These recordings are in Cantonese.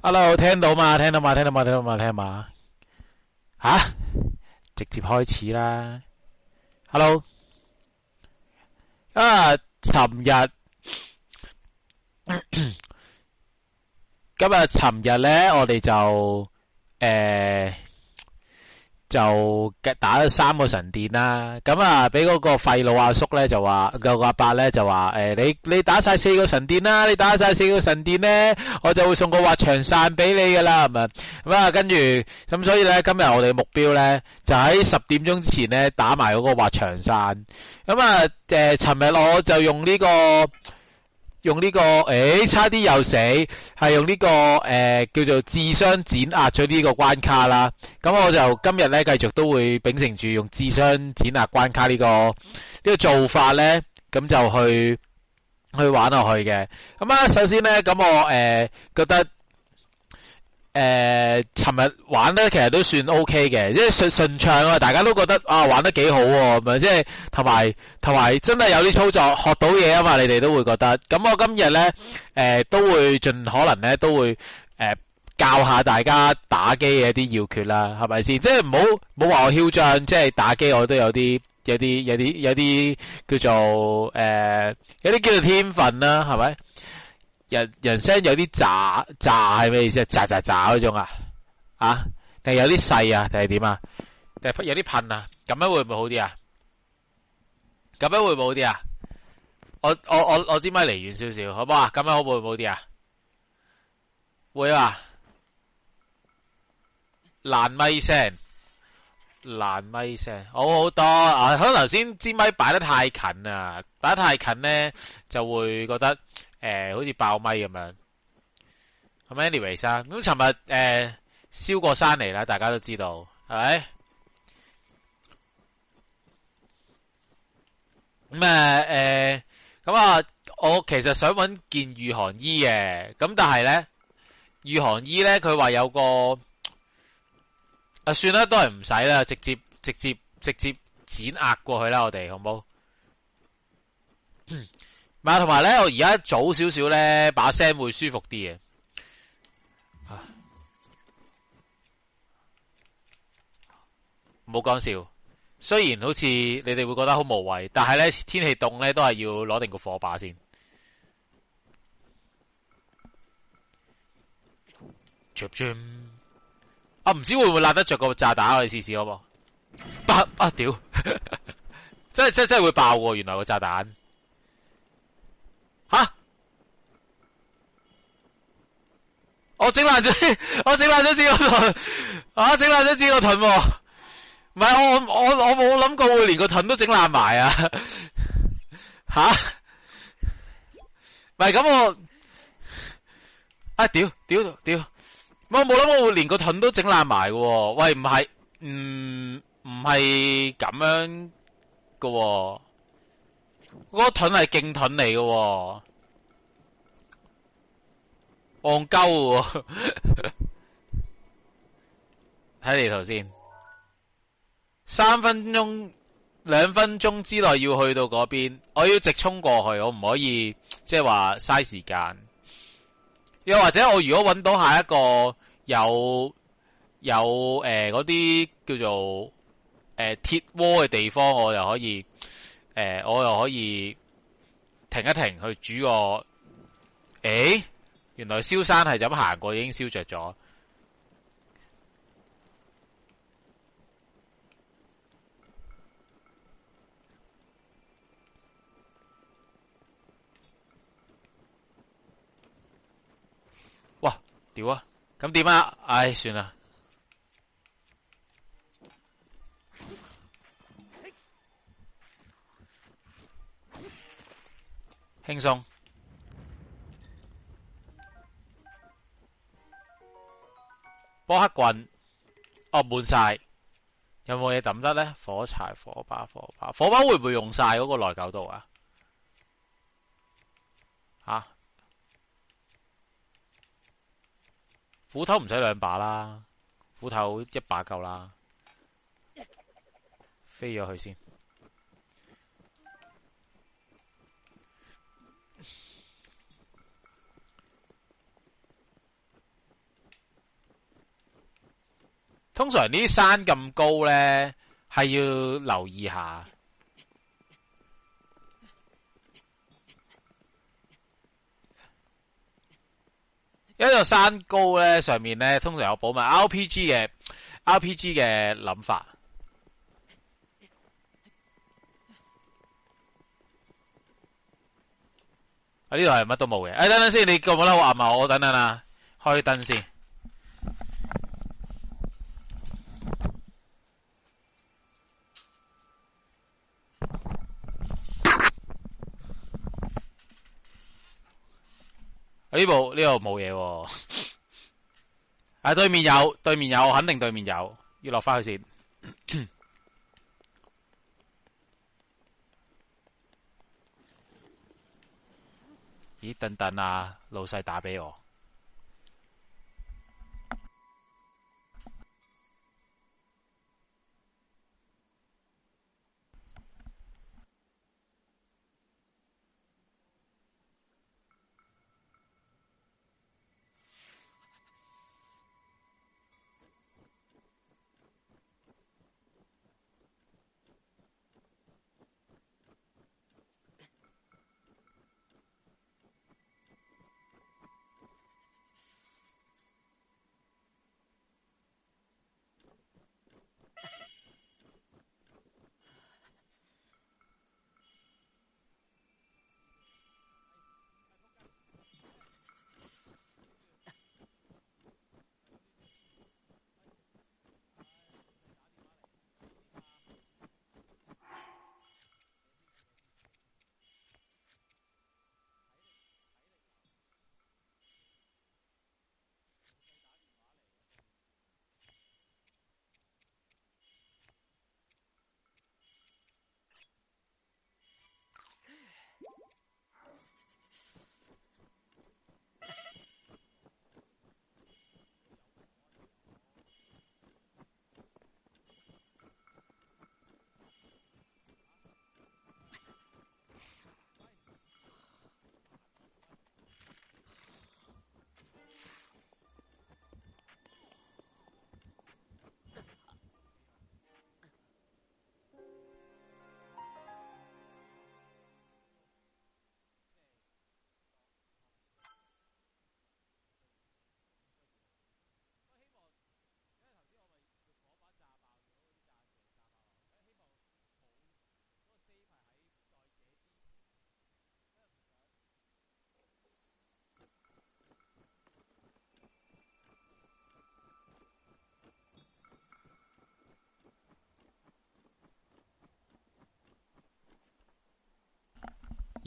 hello，聽到嗎？聽到嗎？聽到嗎？聽到嗎？聽到嗎？啊，直接開始啦。hello，啊，尋日，今日尋日咧，我哋就誒。呃就打咗三個神殿啦，咁啊，俾嗰個廢老阿叔呢就話，嗰個阿伯呢就話，誒、欸，你你打晒四個神殿啦，你打晒四個神殿呢，我就會送個滑翔傘俾你噶啦，係咪？咁啊，跟住咁，所以呢，今日我哋目標呢，就喺十點鐘之前呢打埋嗰個滑翔傘。咁啊，誒、呃，尋日我就用呢、這個。用呢、這個，誒、哎，差啲又死，係用呢、這個，誒、呃，叫做智商碾壓咗呢個關卡啦。咁我就今日呢，繼續都會秉承住用智商碾壓關卡呢、這個呢、這個做法呢，咁就去去玩落去嘅。咁啊，首先呢，咁我誒、呃、覺得。誒，尋日、呃、玩咧，其實都算 O K 嘅，即係順順暢啊！大家都覺得啊，玩得幾好喎、啊，即係同埋同埋真係有啲操作學到嘢啊嘛，你哋都會覺得。咁我今日呢，誒、呃、都會盡可能呢，都會誒、呃、教下大家打機嘅一啲要決啦，係咪先？即係唔好冇話我囂張，即、就、係、是、打機我都有啲有啲有啲有啲叫做誒有啲叫做天分啦，係咪？人人聲有啲炸炸係咩意思啊？炸炸炸嗰種啊，啊定係有啲細啊，定係點啊？定係有啲噴啊？咁樣會唔會好啲啊？咁樣會唔會好啲啊？我我我我支咪離遠少少好唔好啊？咁樣會唔會好啲啊？會啊！爛咪聲，爛咪聲，好好多啊！可能先支咪擺得太近啊，擺得太近咧就會覺得。誒、呃，好似爆咪咁樣，係咪？Anyway 生咁，尋日誒燒過山嚟啦，大家都知道係咪？咁誒誒，咁、嗯、啊、呃呃，我其實想揾件御寒衣嘅，咁但係咧御寒衣咧，佢話有個、啊、算啦，都係唔使啦，直接直接直接輾壓過去啦，我哋好冇？ 同埋咧，我而家早少少咧，把聲會舒服啲嘅。唔好講笑，雖然好似你哋會覺得好無謂，但係咧天氣凍咧都係要攞定個火把先，不會，不會，我試試。啊，唔知會唔會撻得着個炸彈，我哋試試好冇？不，啊，屌！ 真真真會爆喎，原來個炸彈。吓、啊！我整爛咗，我整爛咗支個盾。吓、啊，整爛咗支個盾、啊。唔係我我我冇諗過會連個盾都整爛埋啊！吓、啊，唔係咁我啊！屌屌屌！屌我冇諗過會連個盾都整爛埋噶。喂，唔係唔唔係咁樣噶、啊。嗰個盾係勁盾嚟嘅，哦，戇鳩，睇地圖先。三分鐘、兩分鐘之內要去到邊，我要直衝過去，我唔可以即係話嘥時間。又或者我如果揾到下一個有有誒啲、呃、叫做誒鐵鍋嘅地方，我就可以。誒、呃，我又可以停一停去煮個，誒、欸，原來燒山係咁行過已經燒着咗。哇，屌啊！咁點啊？唉、哎，算啦。輕鬆，輕鬆波克棍，哦，滿晒，有冇嘢抌得咧？火柴、火把、火把，火把會唔會用晒嗰個耐久度啊？啊，斧頭唔使兩把啦，斧頭一把夠啦，飛咗去先。通常呢啲山咁高咧，係要留意下。因為個山高咧，上面咧通常有保密 RP RPG 嘅 RPG 嘅諗法啊。啊呢度係乜都冇嘅，哎等等先，你覺得好暗啊？我等等啊，開燈先。.呢部呢度冇嘢喎。啊對面有、對面有，肯定對面有，要落翻去先。咦，等等啊，老細打畀我。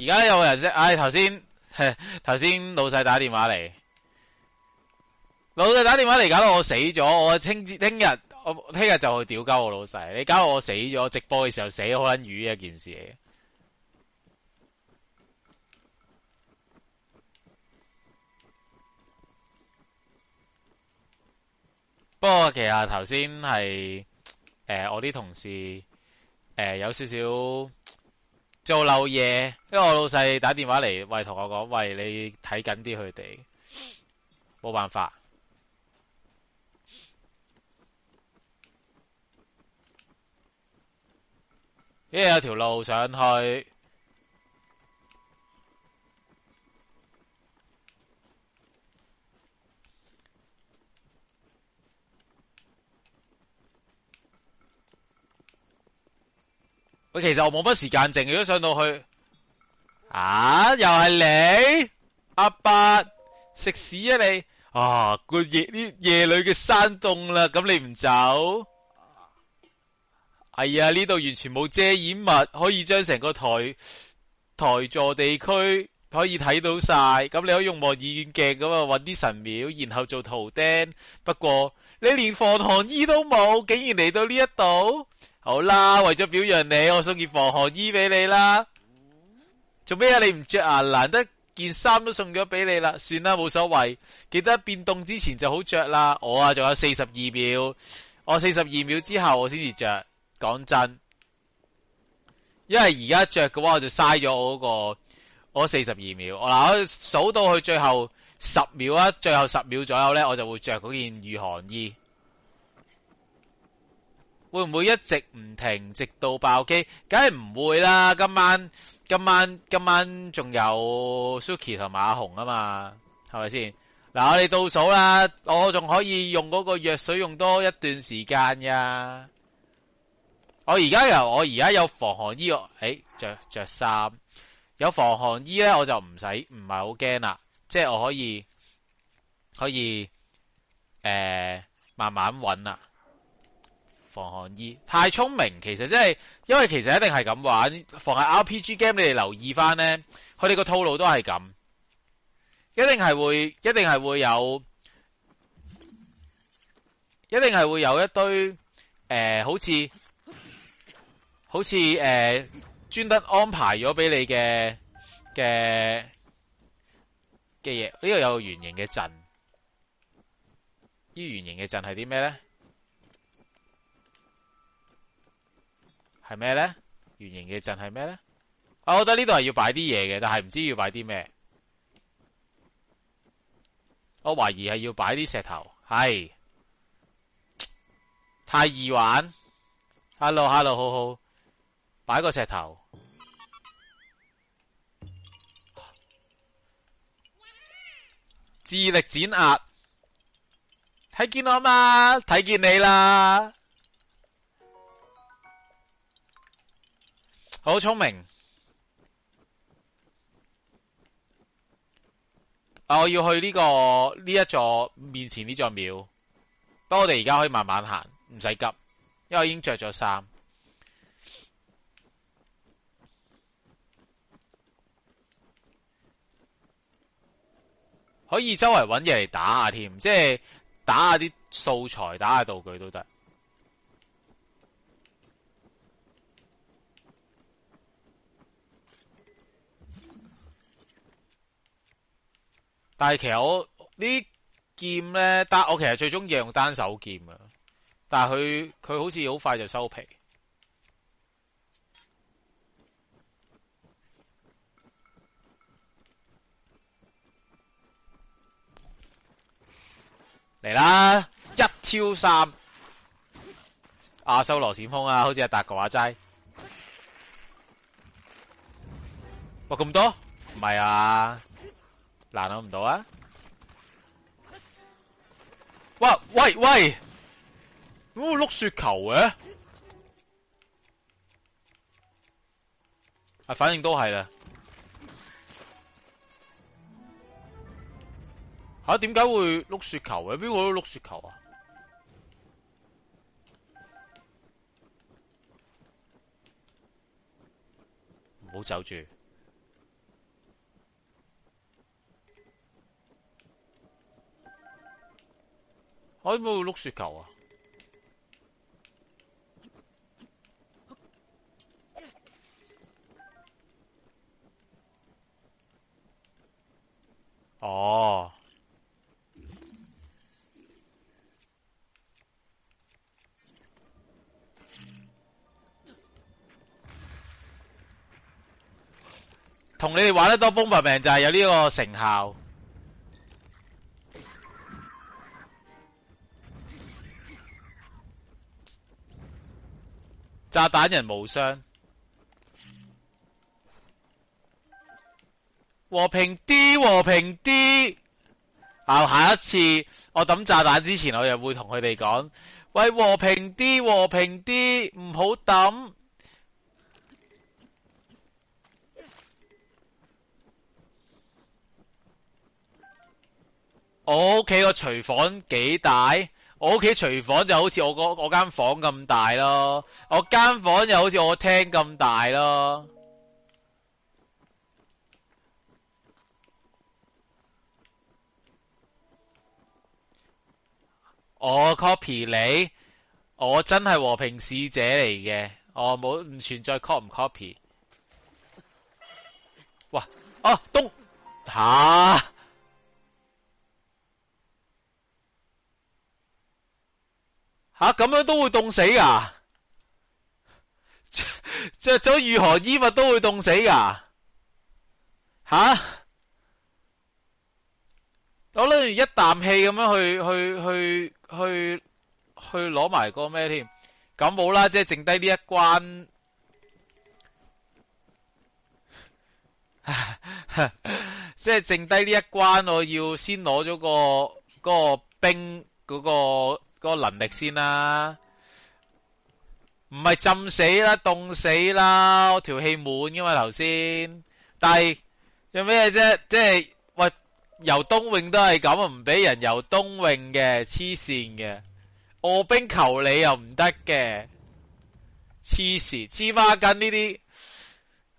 而家有個人啫，唉、哎，頭先頭先老細打電話嚟，老細打電話嚟搞到我死咗，我聽日聽日我聽日就去屌鳩我老細，你搞到我死咗，直播嘅時候死好撚魚一件事嚟。不過其實頭先係誒我啲同事誒、呃、有少少，做漏嘢，因為我老細打電話嚟，喂，同我講，喂，你睇緊啲佢哋，冇辦法、哎。因為有條路上去。我其實我冇乜時間剩，如果上到去，啊，又係你，阿、啊、伯，食屎啊你！啊，個夜啲夜裏嘅山洞啦，咁你唔走？哎呀，呢度完全冇遮掩物，可以將成個台台座地區可以睇到晒，咁你可以用望遠鏡咁啊搵啲神廟，然後做圖釘。不過你連防寒衣都冇，竟然嚟到呢一度。好啦，為咗表揚你，我送件防寒衣俾你啦。做咩啊？你唔着啊？難得件衫都送咗俾你啦，算啦，冇所謂。記得變凍之前就好着啦。我啊，仲有四十二秒，我四十二秒之後我先至着。講真，因為而家着嘅話，我就嘥咗我嗰個我四十二秒。我嗱，我數到去最後十秒啊，最後十秒左右呢，我就會着嗰件御寒衣。會唔會一直唔停，直到爆機？梗係唔會啦！今晚今晚今晚仲有 Suki 同馬紅啊嘛，係咪先？嗱，我哋倒數啦，我仲可以用嗰個藥水用多一段時間噶。我而家又我而家有防寒衣哦，誒，着着衫，有防寒衣咧，我就唔使唔係好驚啦，即係我可以可以誒慢慢搵啦。防寒衣太聰明，其實即係，因為其實一定係咁玩。防係 RPG game，你哋留意翻咧，佢哋個套路都係咁，一定係會，一定係會有，一定係會有一堆誒、呃，好似好似誒，專登安排咗俾你嘅嘅嘅嘢。呢度有個圓形嘅陣，呢圓形嘅陣係啲咩咧？係咩咧？圓形嘅陣係咩咧？我覺得呢度係要擺啲嘢嘅，但係唔知要擺啲咩。我懷疑係要擺啲石頭，係太易玩。Hello，Hello，hello，好好，擺個石頭展。智力輾壓，睇見我嘛？睇見你啦。好聰明，我要去呢、這個呢一座面前呢座廟，不過我哋而家可以慢慢行，唔使急，因為我已經着咗衫，可以周圍揾嘢嚟打下添，即係打下啲素材，打下道具都得。但係其實我這劍呢劍咧，但我其實最中意用單手劍啊，但係佢佢好似好快就收皮來。嚟啦，嗯，一挑三，啊，阿修羅旋風啊，好似阿達哥話齋，哇咁多，唔係啊。難諗唔到啊！哇喂喂，點會碌雪球嘅？啊，反正都係啦。吓、啊，點解會碌雪球嘅？邊個會碌雪球啊？唔好走住。我冇碌雪球啊！哦，同、嗯、你哋玩得多《Bomberman》就係有呢個成效。炸彈人無傷，和平啲，和平啲。下一次我抌炸彈之前，我又會同佢哋講：喂，和平啲，和平啲，唔好抌。我屋企個廚房幾大？我屋企廚房就好似我嗰間房咁大咯，我間房就好似我廳咁大咯。我 copy 你，我真係和平使者嚟嘅，我冇唔存在 copy 唔 copy。哇，哦、啊，咚，吓、啊！吓，咁樣都會凍死噶，着咗御寒衣物都會凍死噶，吓！我諗住一啖氣咁樣去去去去去攞埋個咩添？咁冇啦，即係剩低呢一關，即 係剩低呢一關，我要先攞咗個嗰個冰嗰個。個能力先啦、啊，唔係浸死啦，凍死啦，條氣滿噶嘛頭先，但係有咩啫？即係喂游冬泳都係咁，唔俾人游冬泳嘅，黐線嘅，臥冰求鯉又唔得嘅，黐線黐孖筋呢啲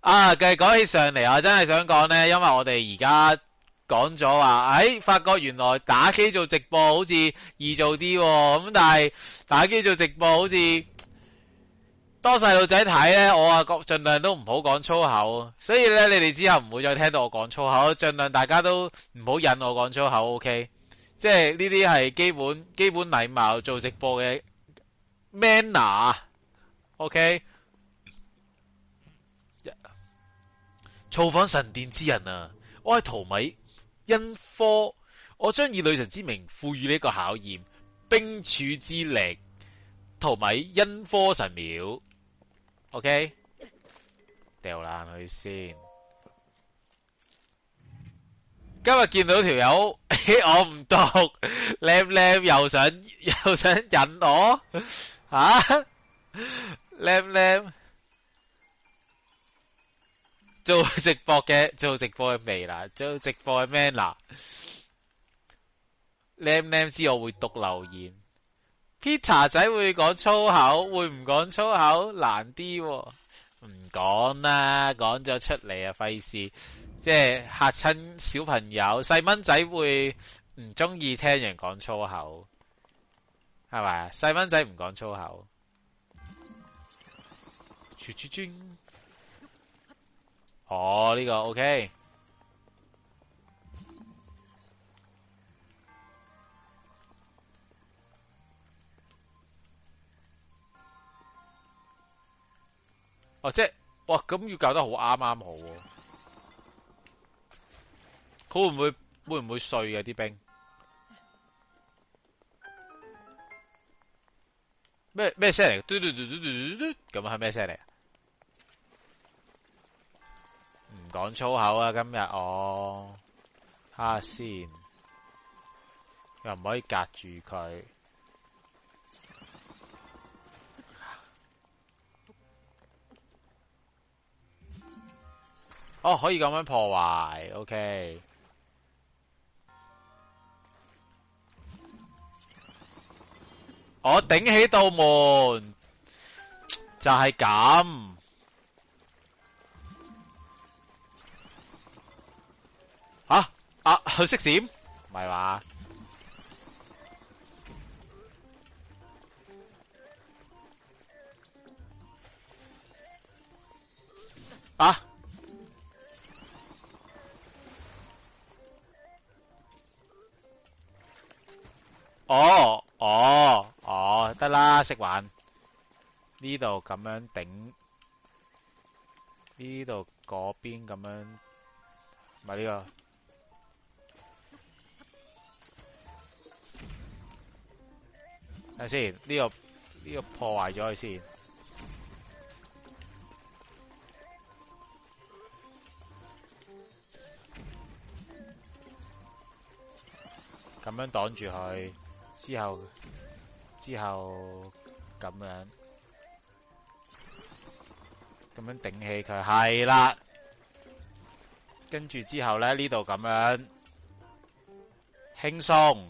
啊！繼講起上嚟，我真係想講呢，因為我哋而家。講咗話，誒、哎，發覺原來打機做直播好似易做啲，咁但係打機做直播好似多細路仔睇呢，我啊盡量都唔好講粗口，所以呢，你哋之後唔會再聽到我講粗口，盡量大家都唔好引我講粗口，OK，即係呢啲係基本基本禮貌做直播嘅 manner，OK，一造訪神殿之人啊，我係淘米，因科，我將以女神之名賦予呢一個考驗，冰柱之力，圖米因科神廟。OK，掉爛去先。今日見到條友， 我唔讀，靚靚又想又想引我，吓靚靚。喇喇做直播嘅做直播嘅未啦，做直播嘅 man 啦 l e 知我會讀留言，Peter 仔會講粗口，會唔講粗口難啲，唔講啦，講咗出嚟啊，費事，即係吓親小朋友，細蚊仔會唔中意聽人講粗口，係咪細細蚊仔唔講粗口。 哦，呢個 OK。哦，即係，哇，咁要搞得好啱啱好。佢會唔會會唔會碎嘅啲冰？咩咩聲嚟？咁係咩聲嚟？講粗口啊！今日我，睇下先，又唔可以隔住佢。哦，可以咁樣破壞，OK。我、哦、頂起道門，就係、是、咁。啊，好識閃，唔係話啊？哦，哦，哦，得啦，識玩呢度咁樣頂，呢度嗰邊咁樣，咪呢個。睇先，呢個呢個破壞咗佢先，咁樣擋住佢之後之後咁樣咁樣頂起佢，係啦，跟住之後咧呢度咁樣輕鬆。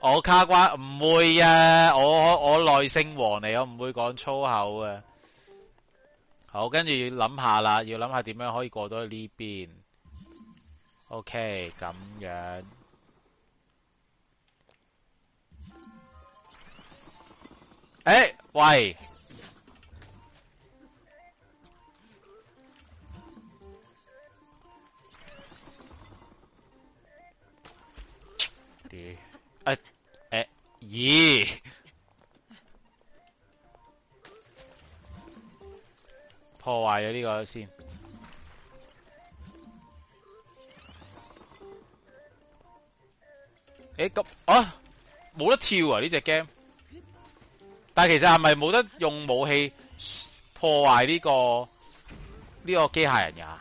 我卡關唔會啊！我我耐聖王嚟，我唔會講粗口啊！好，跟住要諗下啦，要諗下點樣可以過到去呢邊。OK，咁樣、欸。誒，喂！誒，誒，咦？破壞咗呢個先。誒，咁啊，冇、啊 欸啊、得跳啊呢隻 game。但其實係咪冇得用武器破壞呢、個呢、個機械人呀？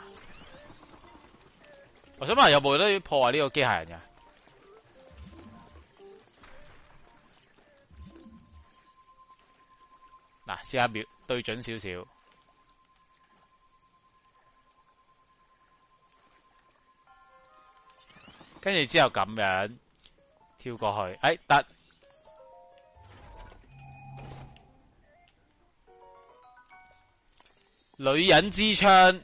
我想問有冇得破壞呢個機械人呀？嗱，試下瞄對準少少，跟住之後咁樣跳過去，哎得，女人之槍，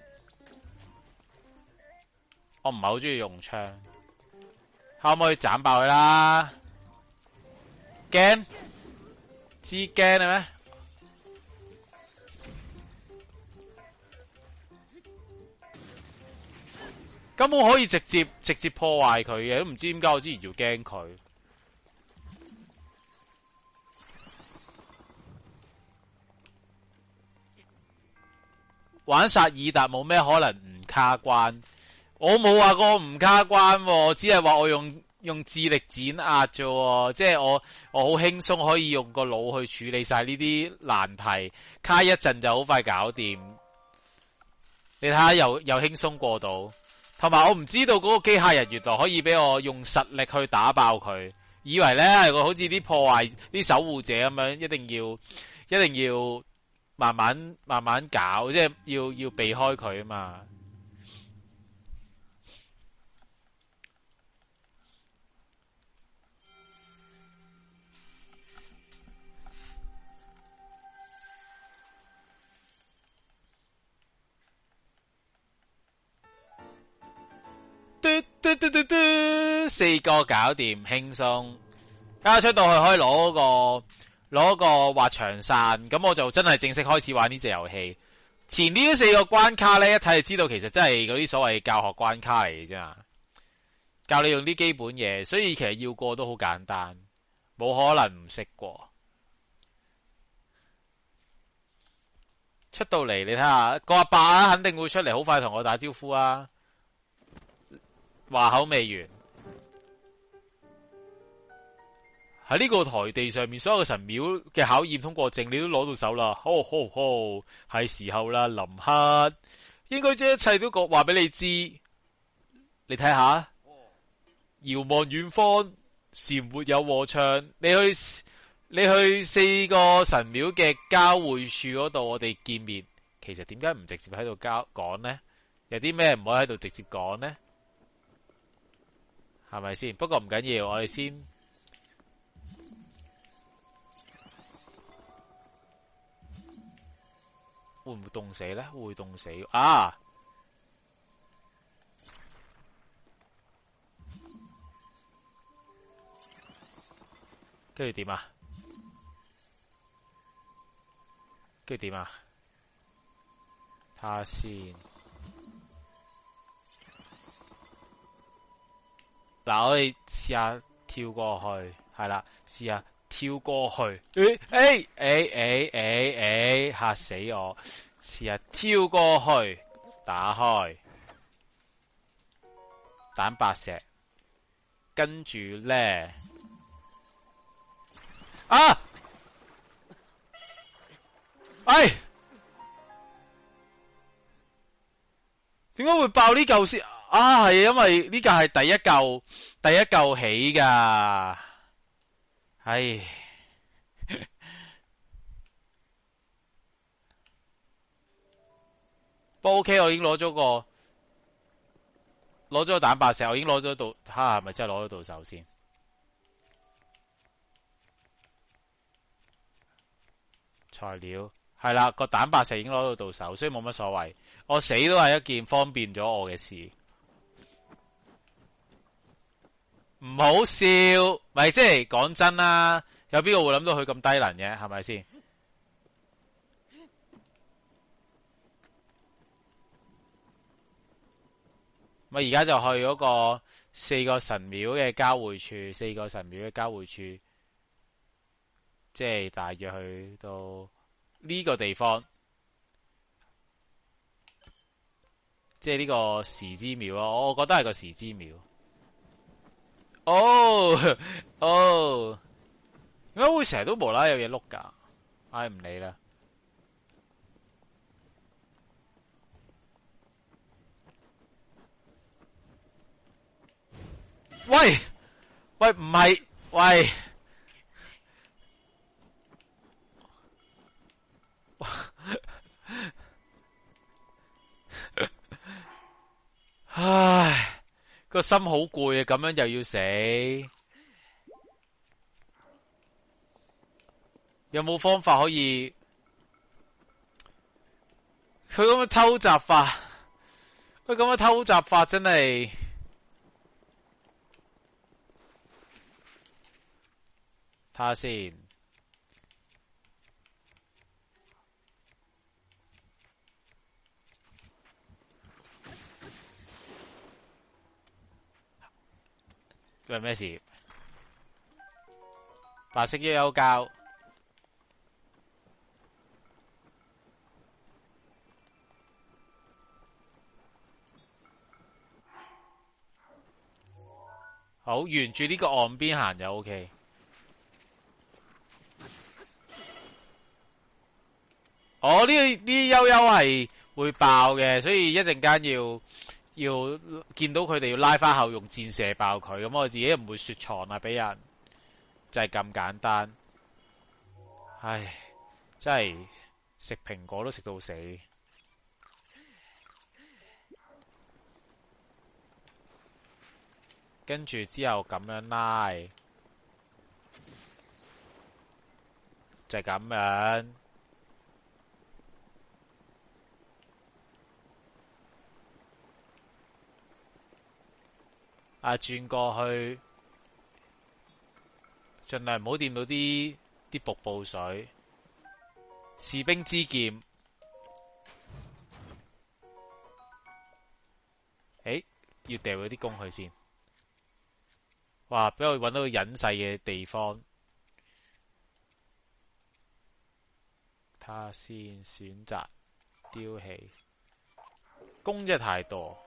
我唔係好中意用槍，可唔可以斬爆佢啦？驚，知驚係咩？根本可以直接直接破壞佢嘅，都唔知點解我之前要驚佢。玩薩爾達冇咩可能唔卡關，我冇話過唔卡關，只係話我用用智力輾壓啫，即係我我好輕鬆可以用個腦去處理晒呢啲難題，卡一陣就好快搞掂。你睇下又又輕鬆過到。同埋我唔知道嗰個機械人原來可以俾我用實力去打爆佢，以為呢，係個好似啲破壞啲守護者咁樣，一定要一定要慢慢慢慢搞，即係要要避開佢啊嘛。嘟嘟嘟嘟嘟，四個搞掂，輕鬆。家出到去可以攞個攞個滑翔傘，咁我就真係正式開始玩呢隻遊戲。前面呢四個關卡呢，一睇，就知道其實真係嗰啲所謂教學關卡嚟嘅啫，教你用啲基本嘢，所以其實要過都好簡單，冇可能唔識過。出到嚟，你睇下個阿爸肯定會出嚟，好快同我打招呼啊！話口未完，喺呢個台地上面，所有嘅神廟嘅考驗通過證，你都攞到手啦。好好好，係時候啦，林克應該將一切都講話俾你知。你睇下，遙望遠方，是沒有和唱。你去你去四個神廟嘅交匯處嗰度，我哋見面。其實點解唔直接喺度交講呢？有啲咩唔可以喺度直接講呢？係咪先？不過唔緊要，我哋先會唔會凍死咧？會凍死啊！跟住點啊？跟住點啊？睇下先。嗱，我哋試下跳過去，係啦，試下跳過去，誒誒誒誒誒，嚇死我！試下跳過去，打開蛋白石，跟住咧，啊，哎，點解會爆呢嚿石？啊，唉，因為呢個係第一嚿第一嚿起噶唉 不 OK？我已經攞咗個攞咗個蛋白石，我已經攞咗到，睇下係咪真係攞咗到手先？材料係啦，個蛋白石已經攞到到手，所以冇乜所謂。我死都係一件方便咗我嘅事。唔好笑，咪即係講真啦，有邊個會諗到佢咁低能嘅，係咪先？咪而家就去嗰個四個神廟嘅交匯處，四個神廟嘅交匯處，即係大約去到呢個地方，即係呢個時之廟咯。我覺得係個時之廟。哦哦，點解會成日都無啦啦有嘢碌噶？唉，唔理啦。喂喂，唔係喂，唉。個心好攰啊！咁樣又要死，有冇方法可以？佢咁樣偷襲法，佢咁樣偷襲法真係，睇下先。為咩事？白色悠悠教好，好沿住呢個岸邊行就 OK。哦，呢啲悠悠係會爆嘅，所以一陣間要。要見到佢哋要拉翻後，用箭射爆佢，咁我自己唔會雪藏啦，啊，俾人就係、是、咁簡單。唉，真係食蘋果都食到死。跟住之後咁樣拉，就係咁樣。啊！轉過去，盡量唔好掂到啲啲瀑布水。士兵之劍，誒、欸，要掉咗啲弓去先。話俾我搵到隱世嘅地方，他先選擇丟棄弓，真係太多。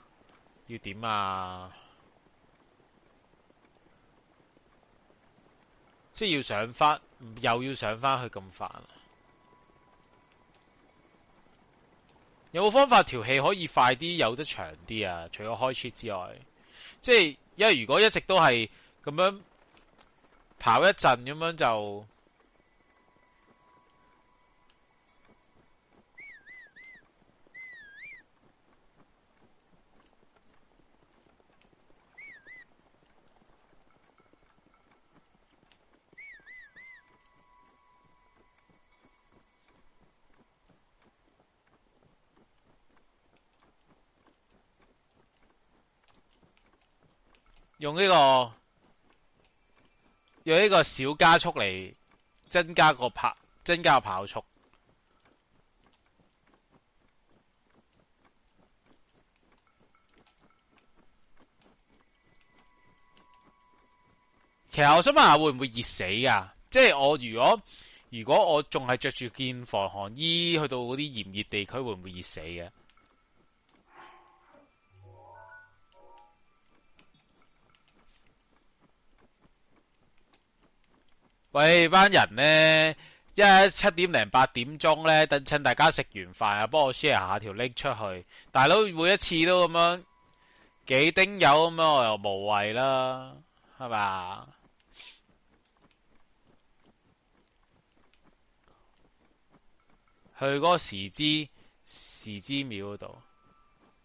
要點啊？即係要上翻，又要上翻去咁煩啊，有冇方法條氣可以快啲，有得長啲啊？除咗開車之外，即係因為如果一直都係咁樣跑一陣咁樣就。用呢個用呢個小加速嚟，增加個跑增加個跑速。其實我想問下，會唔會熱死啊？即係我如果如果我仲係着住件防寒衣去到嗰啲炎熱地區，會唔會熱死啊？喂，這班人呢？一七點零八點鐘呢，等趁大家食完飯啊，幫我 share 下條 link 出去。大佬每一次都咁樣幾丁友咁樣，我又無謂啦，係嘛？去嗰個時之時之廟度，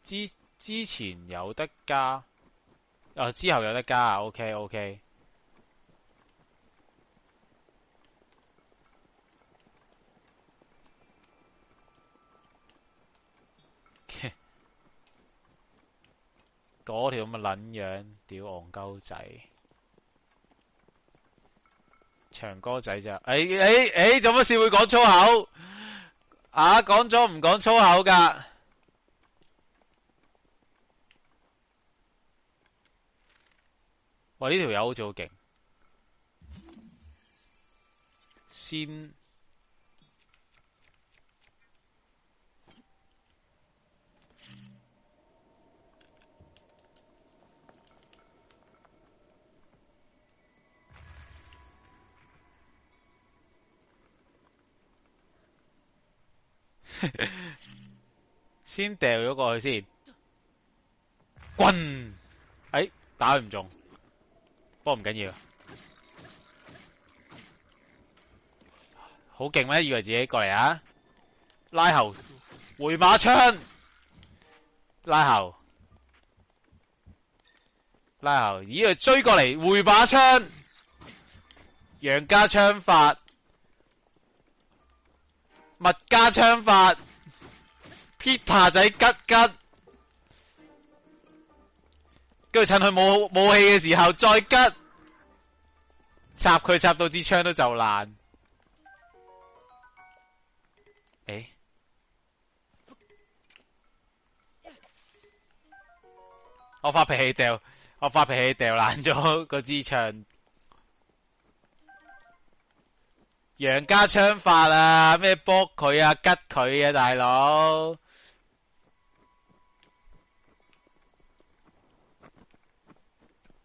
之之前有得加，哦、之後有得加 OK, OK。嗰條咁嘅撚樣，屌戇鳩仔，唱歌仔啫！哎哎哎，做乜事會講粗口啊？講咗唔講粗口噶？喂，呢條友好似好勁，先。先掉咗過去先，棍，哎，打唔中，不過唔緊要，好勁咩？以為自己過嚟啊？拉後，回把槍，拉後，拉後，咦？追過嚟，回把槍，楊家槍法。物家槍法，Peter 仔吉吉，跟住趁佢冇武，武器嘅時候再吉，插佢插到支槍都就爛。誒、欸，我發脾氣掉，我發脾氣掉爛咗嗰支槍。楊家槍法啊，咩搏佢啊，吉佢啊大佬。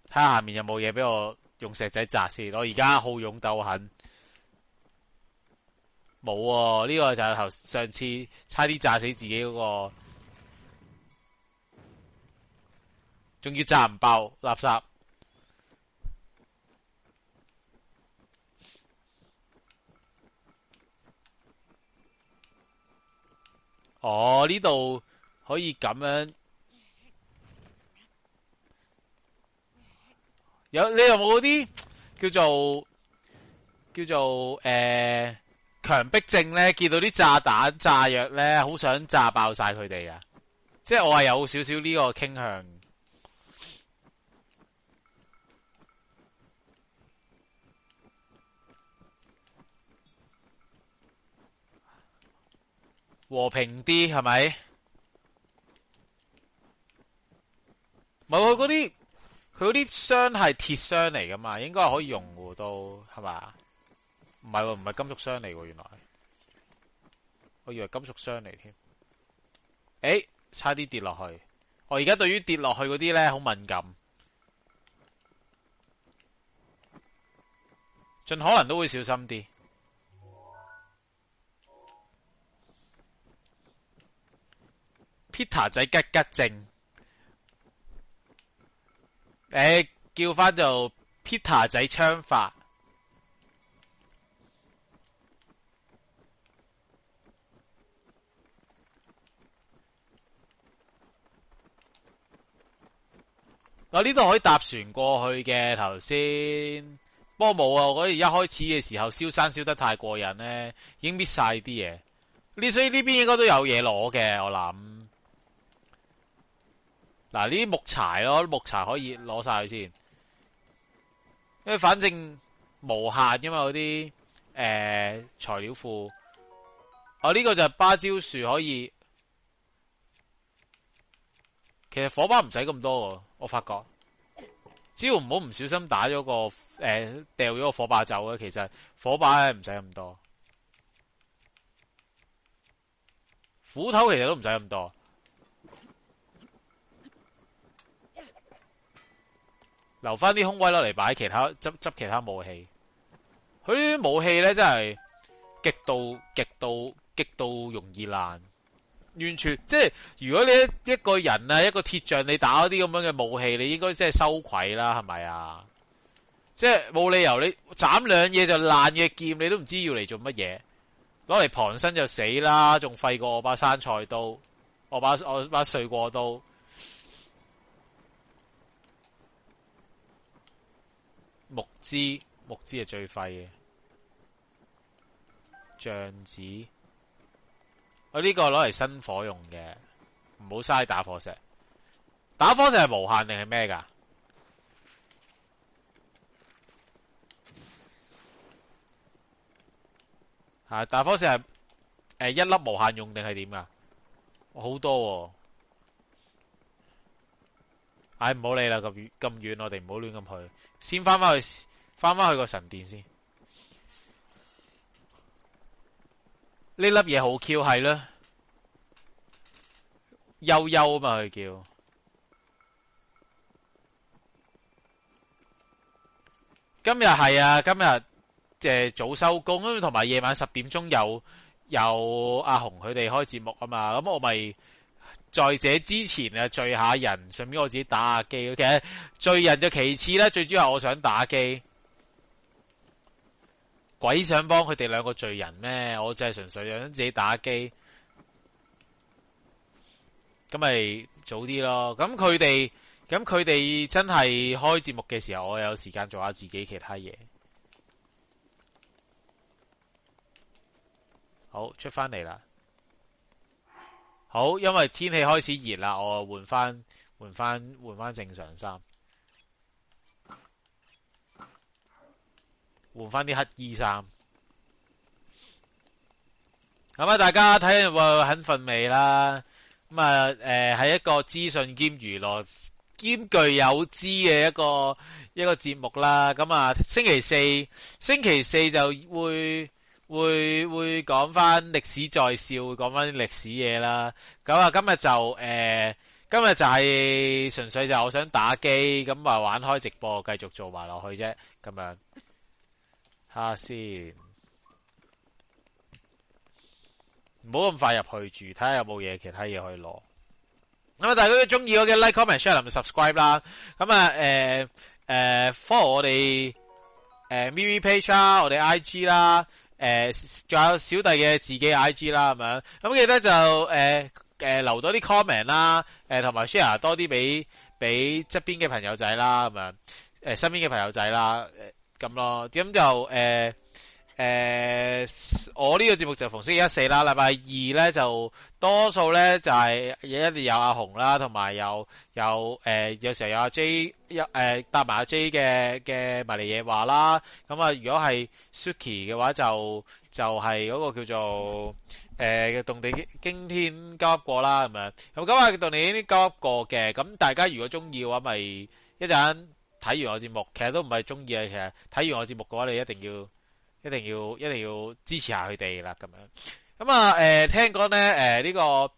睇下下面有冇嘢俾我用石仔砸先，我而家好勇鬥狠。冇啊，呢個就係頭上次差啲炸死自己嗰個，仲要炸唔爆垃圾。哦，呢度可以咁樣有，有你有冇啲叫做叫做誒強迫症咧？見到啲炸彈炸藥咧，好想炸爆晒佢哋啊！即係我係有少少呢個傾向。和平啲係咪？唔係喎，嗰啲佢嗰啲箱係鐵箱嚟噶嘛，應該可以融入到係嘛？唔係喎，唔係金屬箱嚟喎，原來我以為金屬箱嚟添。誒，差啲跌落去。我而家對於跌落去嗰啲咧，好敏感，盡可能都會小心啲。Peter 仔吉吉正，誒、欸、叫翻就 Peter 仔槍法嗱，呢、啊、度可以搭船過去嘅。頭先不過冇啊，我覺得一開始嘅時候燒山燒得太過癮呢，已經搣晒啲嘢。呢所以呢邊應該都有嘢攞嘅，我諗。嗱，呢啲木柴咯，木柴可以攞晒佢先，因為反正無限噶嘛嗰啲誒材料庫。啊，呢個就係芭蕉樹可以，其實火把唔使咁多，我發覺只要唔好唔小心打咗個誒掉咗個火把就嘅，其實火把唔使咁多，斧頭其實都唔使咁多。留翻啲空位落嚟擺其他執執其他武器，佢啲武器呢真係極度極度極度容易爛，完全即係如果你一個人啊一個鐵匠，你打嗰啲咁樣嘅武器，你應該真係羞愧啦，係咪啊？即係冇理由你斬兩嘢就爛嘅劍，你都唔知要嚟做乜嘢，攞嚟旁身就死啦，仲廢過我把生菜刀，我把我把水果刀。木枝木枝係最廢嘅，橡子我呢個攞嚟生火用嘅，唔好嘥打火石。打火石係無限定係咩噶？吓，打火石係誒一粒無限用定係點噶？好多、哦。唉，唔好理啦，咁遠咁遠，我哋唔好亂咁去，先返返去返返去個神殿先。呢粒嘢好 Q 係啦，悠悠啊嘛佢叫。今日係啊，今日即係早收工，咁同埋夜晚十點鐘有有阿紅佢哋開節目啊嘛，咁我咪。在這之前啊，聚下人，順便我自己打下機。OK？聚人就其次啦，最主要係我想打機。鬼想幫佢哋兩個聚人咩？我真係純粹想自己打機。咁咪早啲咯。咁佢哋，咁佢哋真係開節目嘅時候，我有時間做下自己其他嘢。好，出返嚟啦。好，因為天氣開始熱啦，我換翻換翻換翻正常衫，換翻啲黑衣衫。咁啊，大家睇下肯瞓未啦？咁啊，誒、呃，係一個資訊兼娛樂兼具有知嘅一個一個節目啦。咁啊，星期四星期四就會。會會講翻歷史再笑，講翻啲歷史嘢啦。咁啊，今日就誒、呃，今日就係純粹就我想打機，咁啊玩開直播，繼續做埋落去啫。咁樣，下先，唔好咁快入去住，睇下有冇嘢，其他嘢可以攞。咁啊，大家如果中意我嘅 like、comment、share 同 subscribe 啦。咁啊，誒、呃、誒、呃、follow 我哋誒喂喂喂 Page 啦，我哋 IG 啦。誒，仲、呃、有小弟嘅自己 IG 啦，咁樣咁，記得就誒、呃呃、留多啲 comment 啦，同埋 share 多啲俾俾側邊嘅朋友仔啦，咁樣、呃、身邊嘅朋友仔啦，咁、呃、咯，咁就誒。呃誒、呃，我呢個節目就逢星期一四啦。禮拜二咧就多數咧就係一定有阿紅啦，同埋有有誒、呃，有時候有阿 J 一誒、呃、搭埋阿 J 嘅嘅迷你嘢話啦。咁啊，如果係 Suki 嘅話就就係、是、嗰個叫做誒、呃、動地驚天交合過啦，咁樣咁今日動地驚天交合過嘅。咁，大家如果中意嘅話，咪一陣睇完我節目，其實都唔係中意啊。其實睇完我節目嘅話，你一定要。一定要一定要支持下佢哋啦，咁樣咁啊。誒，聽講咧，誒，呢個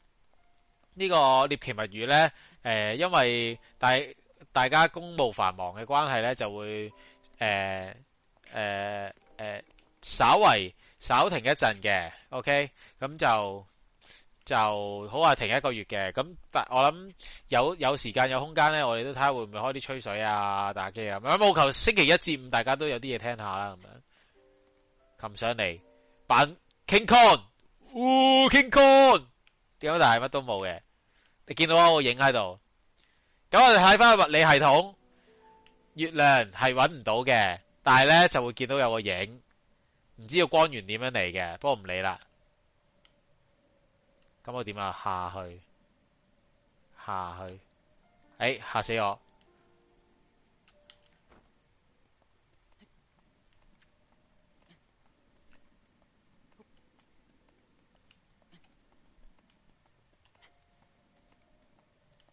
呢個獵奇物語咧，誒，因為大大家公務繁忙嘅關係咧，就會誒誒誒，稍為稍停一陣嘅。OK。咁就就好話停一個月嘅。咁我諗有有時間有空間咧，我哋都睇下會唔會開啲吹水啊、打機啊，咁務求星期一至五大家都有啲嘢聽下啦，咁樣。彈上嚟，扮 King Kong，哦，King Kong，點解，但係乜都冇嘅?你見到有個影喺度，咁我哋睇翻物理系統，月亮係揾唔到嘅，但係呢就會見到有個影，唔知道光源點樣嚟嘅，不過唔理啦。咁我點啊下去？下去？誒，嚇死我！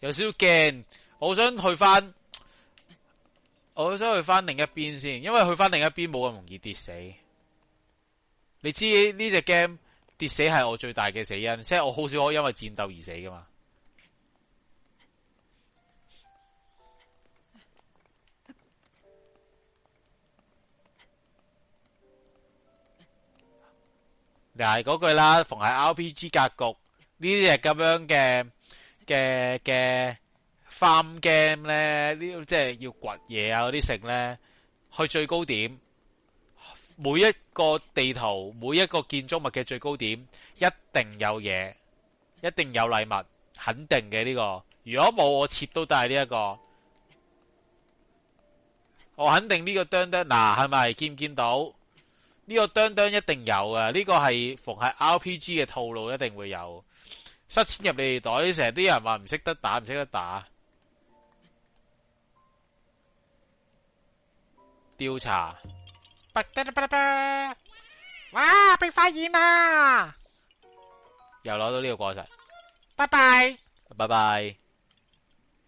有少少驚，我想去翻，我想去翻另一邊先，因為去翻另一邊冇咁容易跌死。你知呢隻 game 跌死係我最大嘅死因，即係我好少可因為戰鬥而死噶嘛。又係嗰句啦，逢係 RPG 格局呢隻咁樣嘅。嘅嘅 farm game 咧，呢即係要掘嘢啊！嗰啲食咧，去最高點，每一個地圖、每一個建築物嘅最高點，一定有嘢，一定有禮物，肯定嘅呢個。如果冇，我切都帶呢一個，我肯定呢個當當嗱，係咪見唔見到？呢個當當一定有啊，呢個係逢係 RPG 嘅套路，一定會有。塞錢入你袋，成日啲人話唔識得打，唔識得打。調查。哇！被發現啦，又攞到呢個果實。拜拜，拜拜，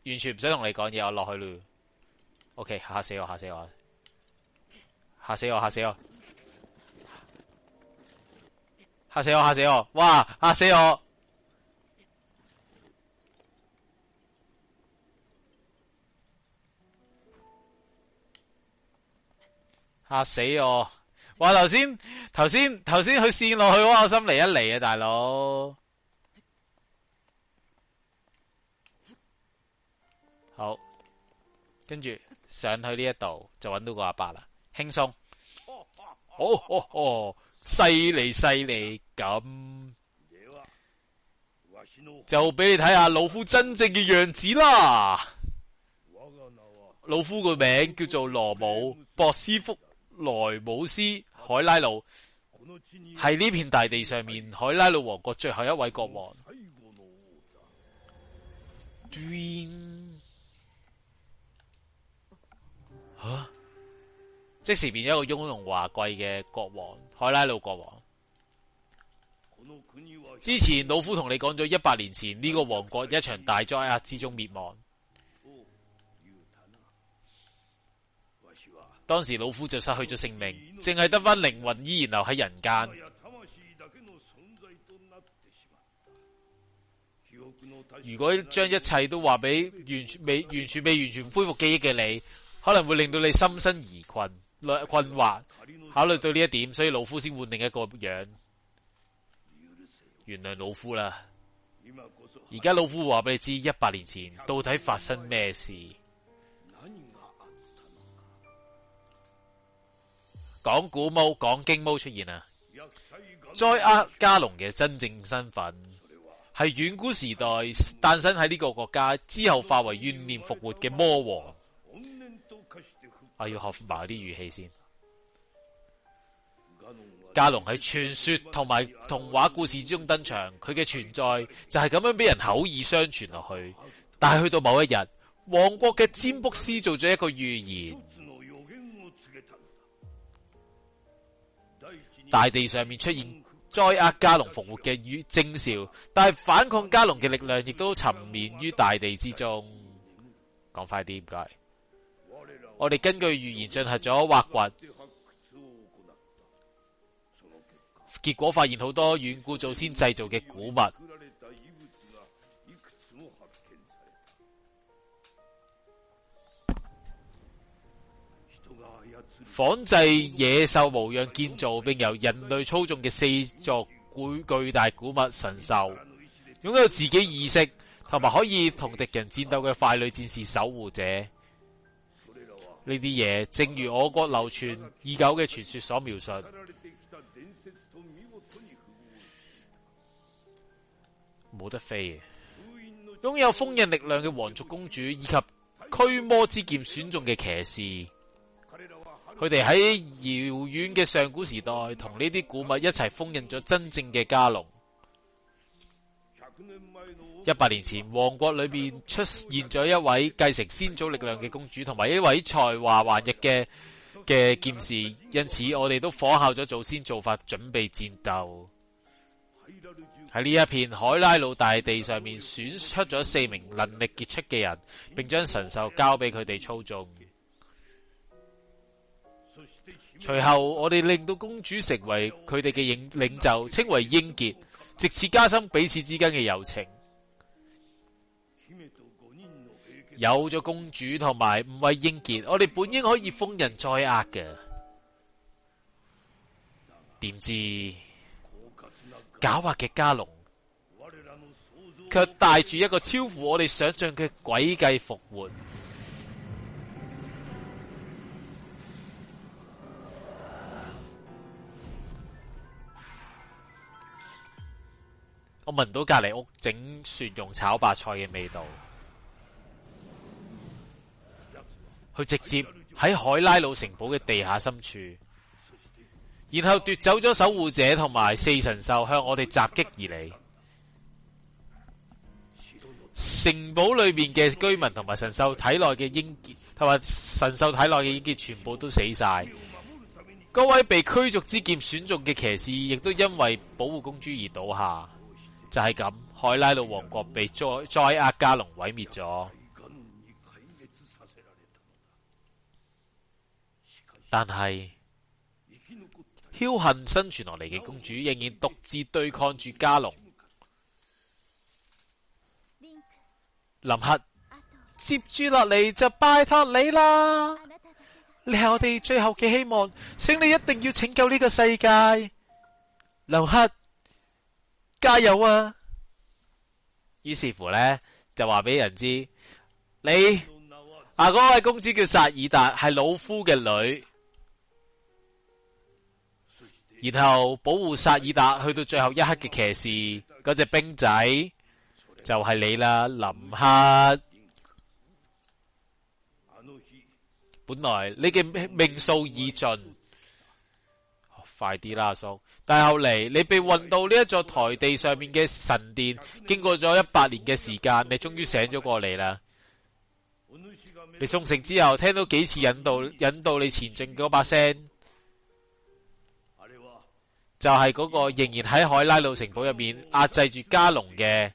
完全唔使同你講嘢，我落去啦。OK，嚇死我，嚇死我，嚇死我，嚇死我，嚇死我，嚇死我，哇！嚇死我。吓死我！話頭先，頭先，頭先佢線落去，我心嚟一嚟啊，大佬好，跟住上去呢一度就揾到個阿伯啦，輕鬆哦哦哦，犀利犀利，咁就俾你睇下老夫真正嘅樣子啦。老夫個名叫做羅姆博斯福。萊姆斯·海拉魯係呢片大地上面海拉魯王國最後一位國王。啊、即是變一個雍容華貴嘅國王，海拉魯國王。之前老夫同你講咗，一百年前呢個王國一場大災厄之中滅亡。當時老夫就失去咗性命，淨係得返靈魂依然留喺人間。如果將一切都話俾完全未、完全未、完全恢復記憶嘅你，可能會令到你心生疑困、困惑。考慮到呢一點，所以老夫先換另一個樣。原諒老夫啦！而家老夫話俾你知，一百年前到底發生咩事？講古貓、講經貓出現啊！再呃，加隆嘅真正身份係遠古時代誕生喺呢個國家，之後化為怨念復活嘅魔王。我、啊、要學埋啲語氣先。加隆喺傳說同埋童話故事之中登場，佢嘅存在就係咁樣俾人口耳相傳落去。但係去到某一日，王國嘅占卜師做咗一個預言。大地上面出現災厄加龍復活嘅預徵兆，但係反抗加龍嘅力量亦都沉眠於大地之中。講快啲唔該，我哋根據預言進行咗挖掘，結果發現好多遠古祖先製造嘅古物。仿製野獸模樣建造，並由人類操縱嘅四座巨巨大古物神獸，擁有自己意識，同埋可以同敵人戰鬥嘅傀儡戰士守護者，呢啲嘢，正如我國流傳已久嘅傳說所描述。冇得飛，擁有封印力量嘅皇族公主，以及驅魔之劍選中嘅騎士。佢哋喺遙遠嘅上古時代，同呢啲古物一齊封印咗真正嘅加隆。一百年前，王國裏面出現咗一位繼承先祖力量嘅公主，同埋一位才華橫溢嘅嘅劍士，因此我哋都火候咗祖先做法，準備戰鬥。喺呢一片海拉魯大地上面，選出咗四名能力傑出嘅人，並將神獸交俾佢哋操縱。隨後，我哋令到公主成為佢哋嘅領領袖，稱為英傑，直至加深彼此之間嘅友情。有咗公主同埋五位英傑，我哋本應可以封印再壓嘅，點知狡猾嘅加隆卻帶住一個超乎我哋想象嘅詭計復活。我聞到隔離屋整蒜蓉炒白菜嘅味道。佢直接喺海拉魯城堡嘅地下深處，然後奪走咗守護者同埋四神獸向我哋襲擊而嚟。城堡裏面嘅居民同埋神獸體內嘅英傑，同埋神獸體內嘅英傑全部都死晒。各位被驅逐之劍選中嘅騎士，亦都因為保護公主而倒下。就係咁，海拉魯王國被災厄加隆毀滅咗。但係，僥幸生存落嚟嘅公主仍然獨自對抗住加隆。林克，接住落嚟就拜託你啦！你係我哋最後嘅希望，請你一定要拯救呢個世界林。林克。加油啊！於是乎呢，就話俾人知，你啊嗰位公主叫薩爾達，係老夫嘅女。然後保護薩爾達去到最後一刻嘅騎士，嗰隻兵仔就係、是、你啦，林克。本來你嘅命數已盡、哦，快啲啦，阿叔。但係後嚟，你被運到呢一座台地上面嘅神殿，經過咗一百年嘅時間，你終於醒咗過嚟啦。被送成之後，聽到幾次引導引導你前進嗰把聲，就係、是、嗰個仍然喺海拉魯城堡入面壓制住加隆嘅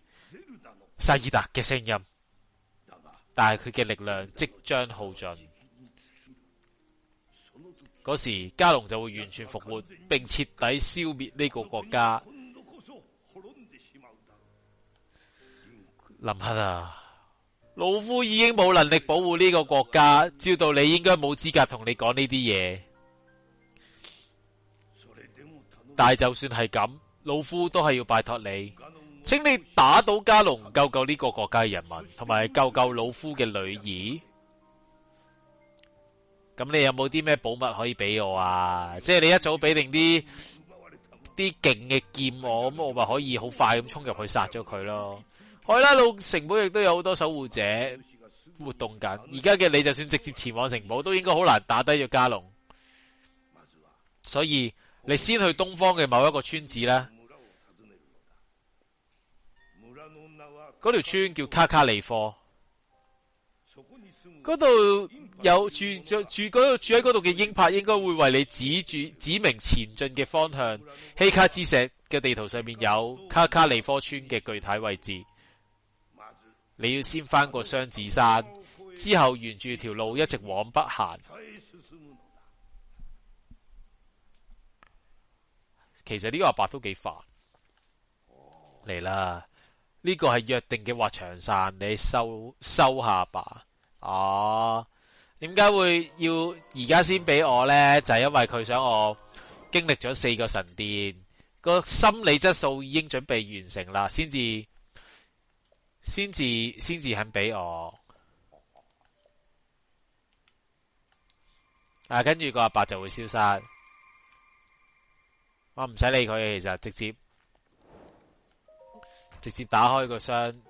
薩爾達嘅聲音，但係佢嘅力量即將耗盡。嗰時加龍就會完全復活，並徹底消滅呢個國家。林克啊，老夫已經冇能力保護呢個國家，知道你應該冇資格同你講呢啲嘢。但係就算係咁，老夫都係要拜託你，請你打倒加龍，救救呢個國家嘅人民，同埋救救老夫嘅女兒。咁你有冇啲咩寶物可以俾我啊？即係你一早俾定啲啲勁嘅劍我，咁我咪可以好快咁衝入去殺咗佢咯。海拉魯城堡亦都有好多守護者活動緊，而家嘅你就算直接前往城堡，都應該好難打低咗加龍。所以你先去東方嘅某一個村子啦，嗰條村叫卡卡利科，嗰度。有住住住喺嗰度嘅英帕，應該會為你指住指明前進嘅方向。希卡之石嘅地圖上面有卡卡利科村嘅具體位置。你要先翻過雙子山，之後沿住條路一直往北行。其實呢個阿伯都幾煩嚟啦。呢、呢個係約定嘅滑翔傘，你收收下吧。啊！點解會要而家先俾我呢？就係因為佢想我經歷咗四個神殿，個心理質素已經準備完成啦，先至先至先至肯俾我。啊，跟住個阿伯就會消失。我唔使理佢，其實直接直接打開個箱。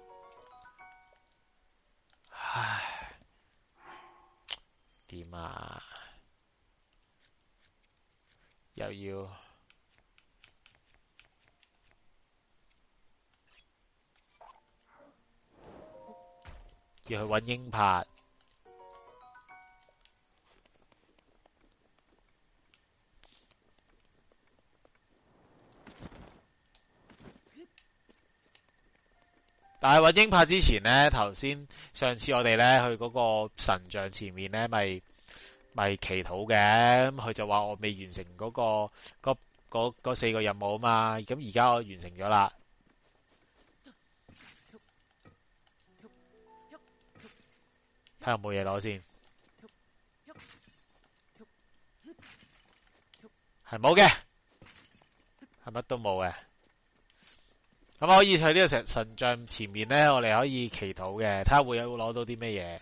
唉。點啊！又要要去揾英拍。喺揾英拍之前呢，頭先上次我哋咧去嗰個神像前面咧，咪咪祈禱嘅，咁佢就話我未完成嗰、嗰個個四個任務啊嘛，咁而家我完成咗啦。睇下冇嘢攞先，係冇嘅，係乜都冇嘅。咁可以喺呢個神神像前面咧，我哋可以祈禱嘅，睇下會有攞到啲咩嘢。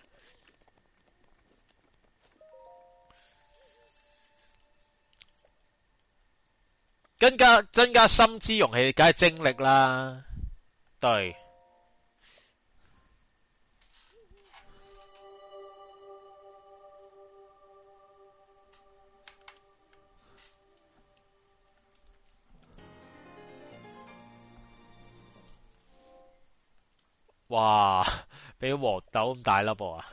增加增加心之容器，梗係精力啦，對。哇！俾黃豆咁大粒啊！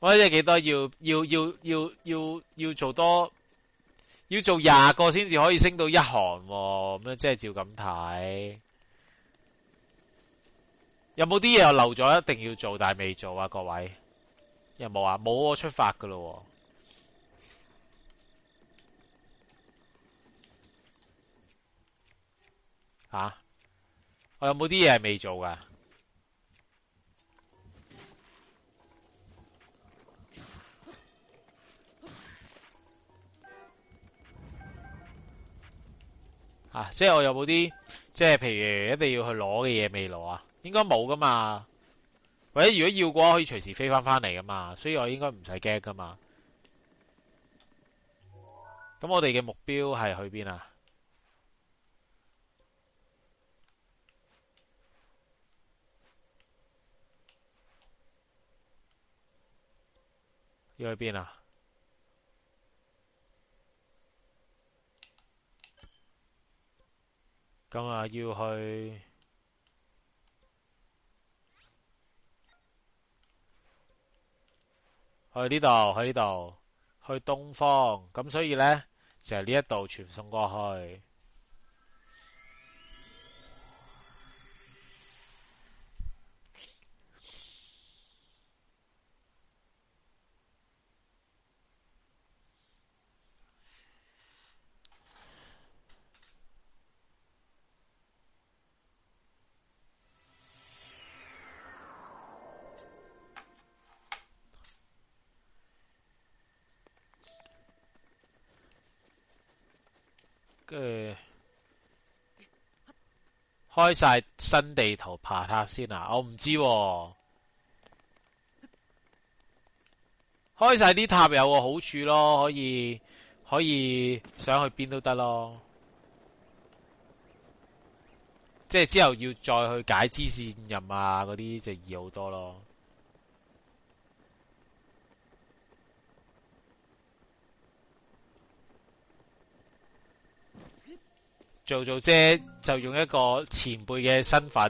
我呢啲幾多？要要要要要要做多，要做廿個先至可以升到一行，啊，咁樣即係照咁睇。有冇啲嘢我留咗一定要做但係未做啊？各位有冇啊？冇我出發噶喇、啊？吓、啊，我有冇啲嘢係未做噶？啊！即係我有冇啲，即係譬如一定要去攞嘅嘢未攞啊？應該冇噶嘛，或者如果要嘅話，可以隨時飛翻翻嚟噶嘛，所以我應該唔使驚噶嘛。咁我哋嘅目標係去邊啊？要去邊啊？咁啊，要去去呢度，去呢度，去東方。咁所以咧，就係呢一度傳送過去。開晒新地圖爬塔先啊！我唔知，啊、開晒啲塔有個好處咯，可以可以想去邊都得咯。即係之後要再去解支線任啊，嗰啲就易好多咯。做做姐就用一個前輩嘅身份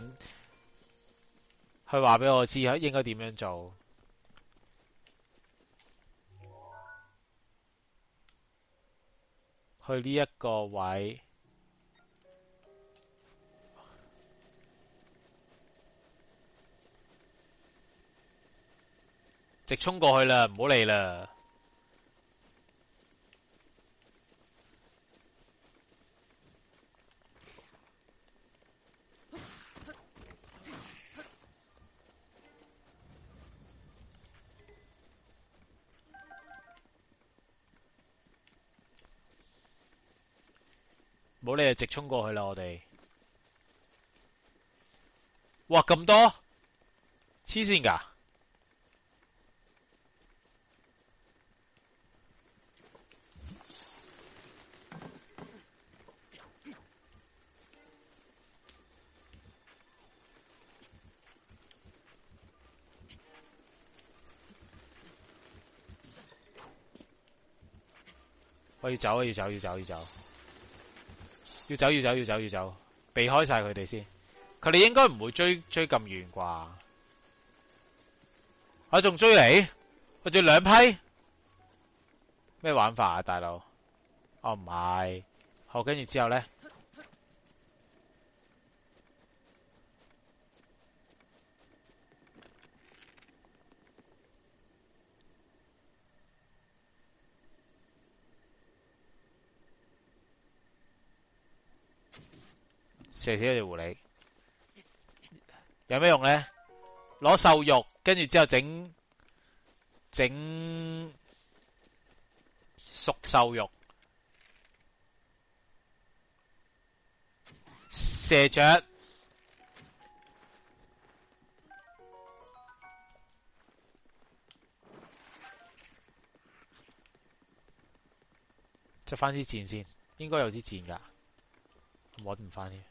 去話俾我知應該點樣做，去呢一個位直衝過去啦，唔好嚟啦！冇你理，直衝過去啦，我哋哇，咁多，黐線㗎！可以走，可以走，要走，要走，要走要走要走要走要走，避開曬佢哋先。佢哋應該唔會追追咁遠啩。我、啊，仲追你？我仲兩批。咩玩法啊，大佬？哦唔係，好，跟住之後咧。射死一條狐狸，有咩用呢？攞獸肉，跟住之後整整熟獸肉，射雀。執翻啲箭先，應該有啲箭㗎，我唔翻添。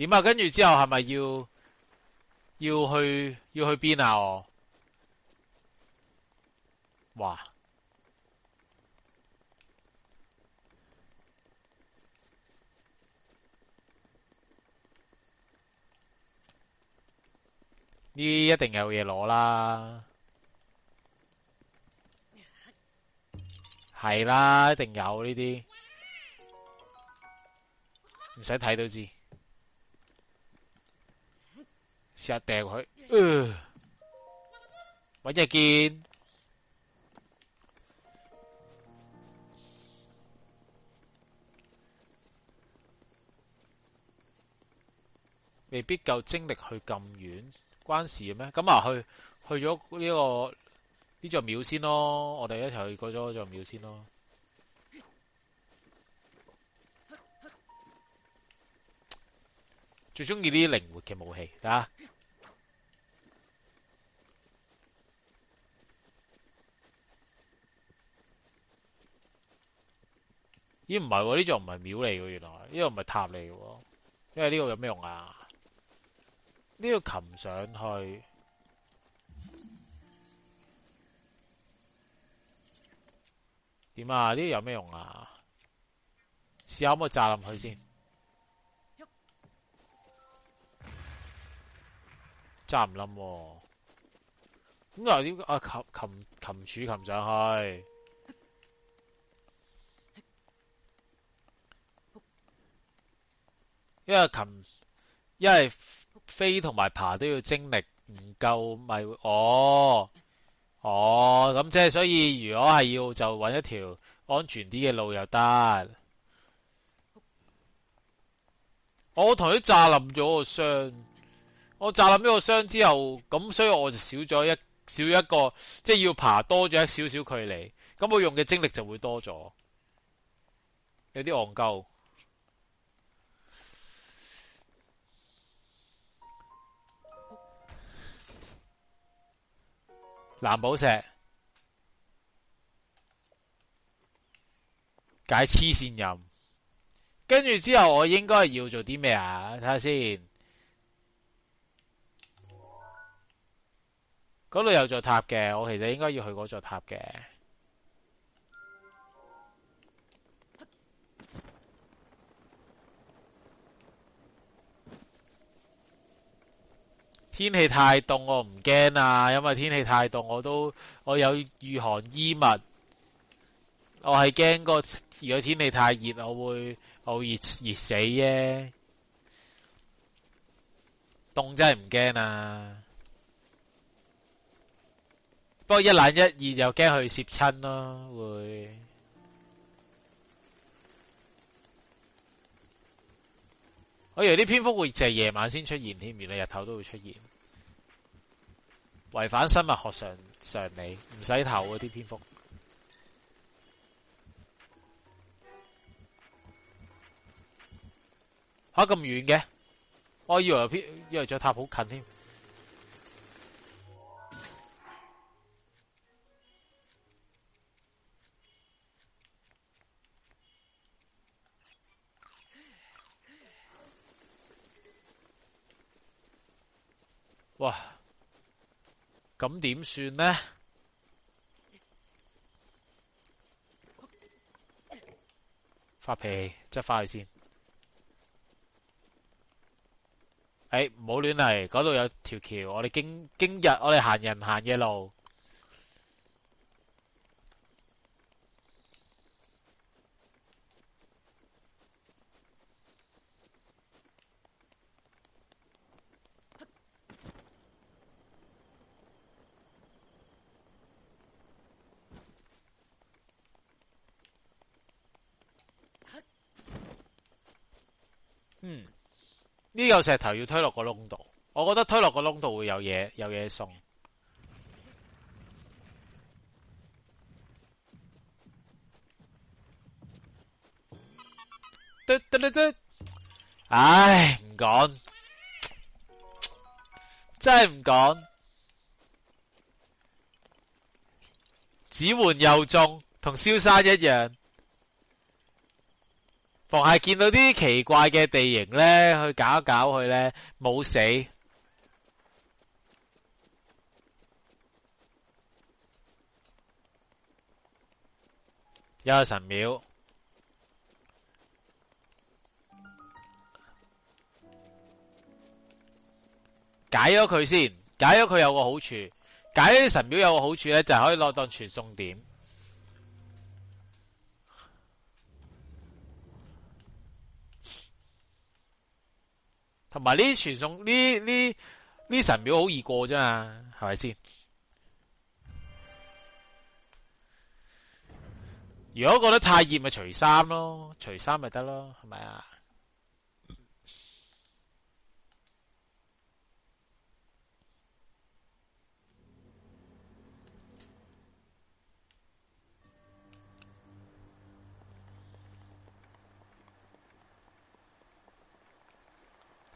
點啊？跟住之後係咪要要去要去邊啊？我，哇！呢一定有嘢攞啦，係啦，一定有呢啲，唔使睇都知。試下掟佢，我真係見未必夠精力去咁遠，關事嘅咩？咁啊去去咗呢個呢座廟先咯，我哋一齊去過咗呢座廟先咯。最中意呢啲靈活嘅武器啊！咦唔係喎，呢座唔係廟嚟嘅，原來呢個唔係塔嚟嘅，因為呢個有咩用啊？呢個擒上去點啊？呢個有咩用啊？試下可唔可以炸冧佢先？炸唔冧喎？咁有點？啊擒擒擒柱擒上去。因為琴，因為飛同埋爬都要精力唔夠，咪哦哦咁即係，所以如果係要就搵一條安全啲嘅路又得。我同佢炸冧咗個箱，我炸冧咗個箱之後，咁所以我就少咗一少咗一個，即係要爬多咗一少少距離，咁我用嘅精力就會多咗，有啲戇鳩。藍寶石，解黐線人，跟住之後我應該要做啲咩啊？睇下先，嗰度有座塔嘅，我其實應該要去嗰座塔嘅。天氣太凍我唔驚啊，因為天氣太凍我都我有御寒衣物。我係驚個如果天氣太熱我會我會熱熱死啫。凍真係唔驚啊，不過一冷一熱又驚佢攝親咯，會。我以為啲蝙蝠會淨係夜晚先出現添，原來日頭都會出現。違反生物學上常理，唔使投嗰啲蝙蝠。吓咁遠嘅，我以為偏，以為再塔好近添，啊。哇！咁點算呢？發脾氣，執翻去先。誒，唔好亂嚟，嗰度有條橋，我哋經經日，我哋行人行嘅路。嗯，呢嚿石頭要推落個窿度，我覺得推落個窿度會有嘢，有嘢送。得得得得，唉，唔講，真係唔講，只換又中，同蕭山一樣。逢係見到啲奇怪嘅地形咧，去搞一搞佢咧，冇死。有神廟，解咗佢先。解咗佢有個好處，解啲神廟有個好處咧，就係可以攞當傳送點。同埋呢傳送呢呢呢神廟好易過啫嘛，係咪先？如果覺得太熱咪除衫咯，除衫咪得咯，係咪啊？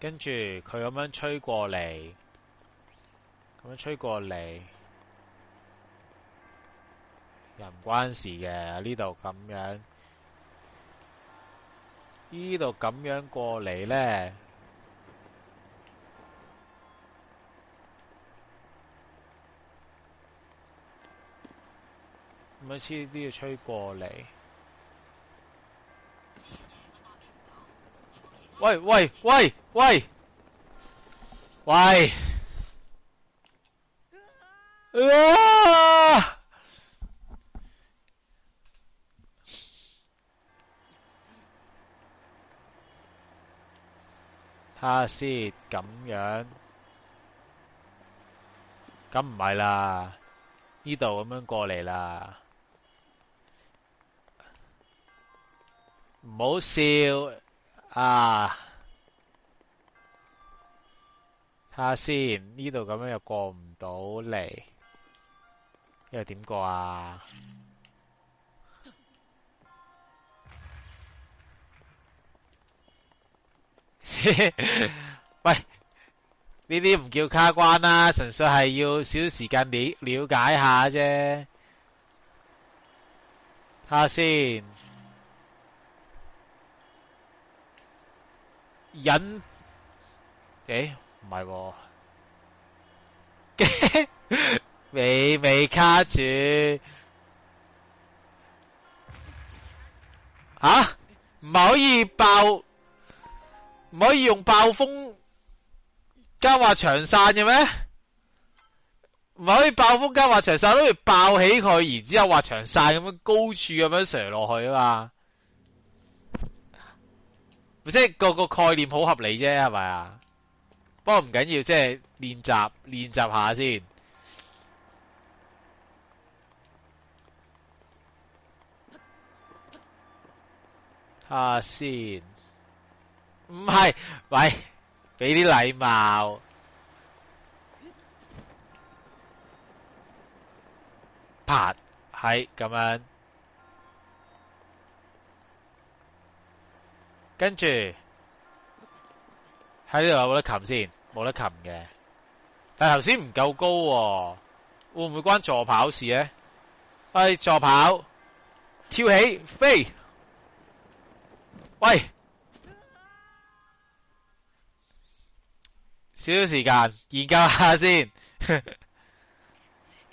跟住佢咁樣吹過嚟，咁樣吹過嚟，又唔關事嘅。呢度咁樣，呢度咁樣過嚟咧，咁樣呢啲要吹過嚟。喂喂喂喂喂！啊！睇下先，咁樣咁唔係啦，呢度咁樣過嚟啦，唔好笑。啊！睇下先，呢度咁樣又過唔到嚟，又點過啊？喂，呢啲唔叫卡關啦，純粹係要少時間了了解下啫。睇下先。引？誒，唔、欸、係？嘅、啊、 未未卡住啊？啊唔可以爆？唔可以用暴風加畫長散嘅咩？唔可以暴風加畫長散，都要爆起佢，然之後畫長散咁樣高處咁樣射落去啊嘛？即係個個概念好合理啫，係咪啊？不過唔緊要，即係練習練習下先,看看先是。哈先，唔係，喂，俾啲禮貌。拍係咁樣。跟住喺度有冇得擒先？冇得擒嘅，但係頭先唔夠高喎，會唔會關助跑事呢？喂、哎，助跑，跳起，飛，喂，少少時間研究下先。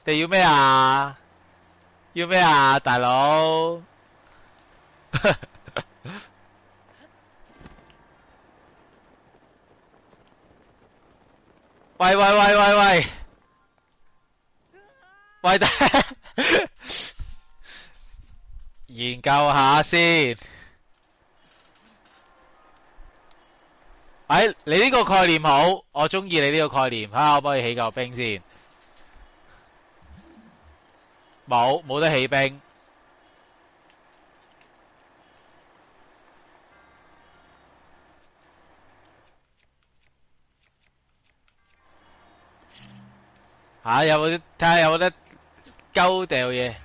你要咩啊？要咩啊，大佬？呵呵喂喂喂喂喂，喂，大佬，研究下先。喂，你呢個概念好，我中意你呢個概念。啊，可唔可以起嚿兵先？冇，冇得起兵。吓，有冇得睇下，有冇得丟掉嘢？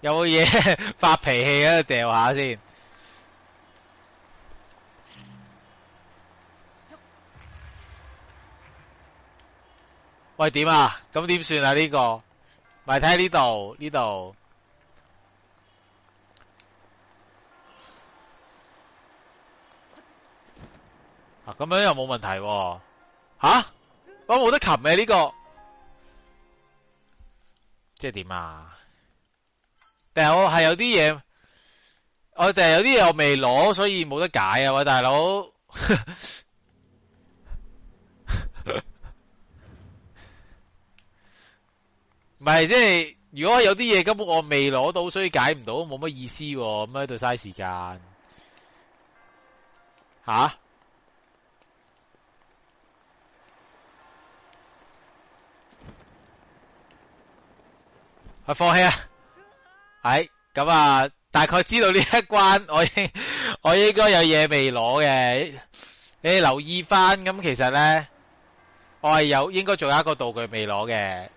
有冇嘢發脾氣咧？掉下先。喂，點呀？咁點算呀？呢個咪睇呢度呢度。啊咁樣又冇問題喎。吓，我冇得擒嘅呢個。即係點啊？但係我係有啲嘢，我但係有啲嘢我未攞，所以冇得解啊！喂，大佬，唔係，即係如果有啲嘢根本我未攞到，所以解唔到，冇乜意思，咁喺度嘥時間吓。啊我放棄啊！係咁啊，大概知道呢一關我，我應我應該有嘢未攞嘅，你留意翻。咁其實咧，我係有應該仲有一個道具未攞嘅，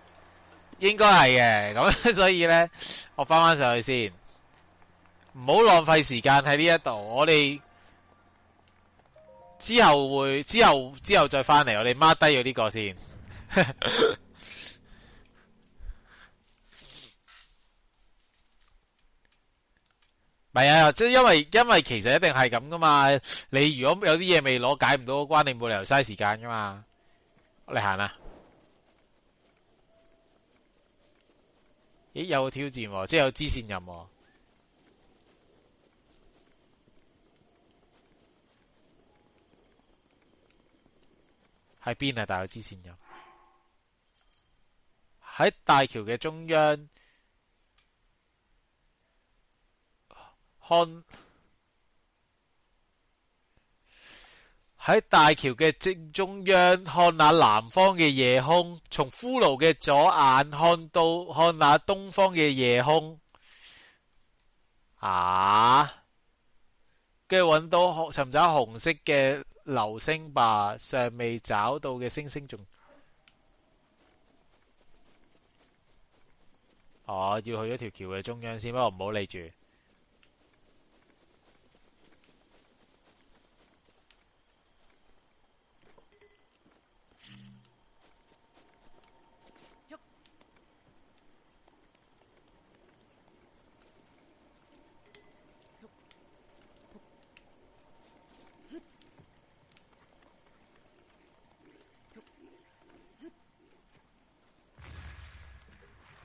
應該係嘅。咁、啊、所以咧，我翻翻上去先，唔好浪費時間喺呢一度。我哋之後會之後之後再翻嚟。我哋 mark 低咗呢個先.。 唔係啊，即因為因為其實一定係咁噶嘛。你如果有啲嘢未攞解唔到個關，你冇理由嘥時間噶嘛。我嚟行啦。咦？有挑戰喎，啊，即係有支線任務喎。喺邊啊？大個支線任務喺大橋嘅中央。看喺大橋嘅正中央，看那南方嘅夜空；從骷髏嘅左眼看到看那東方嘅夜空。啊，跟住搵到紅，尋找紅色嘅流星吧。尚未找到嘅星星，仲哦，我要去一條橋嘅中央先，不過，我唔好理住。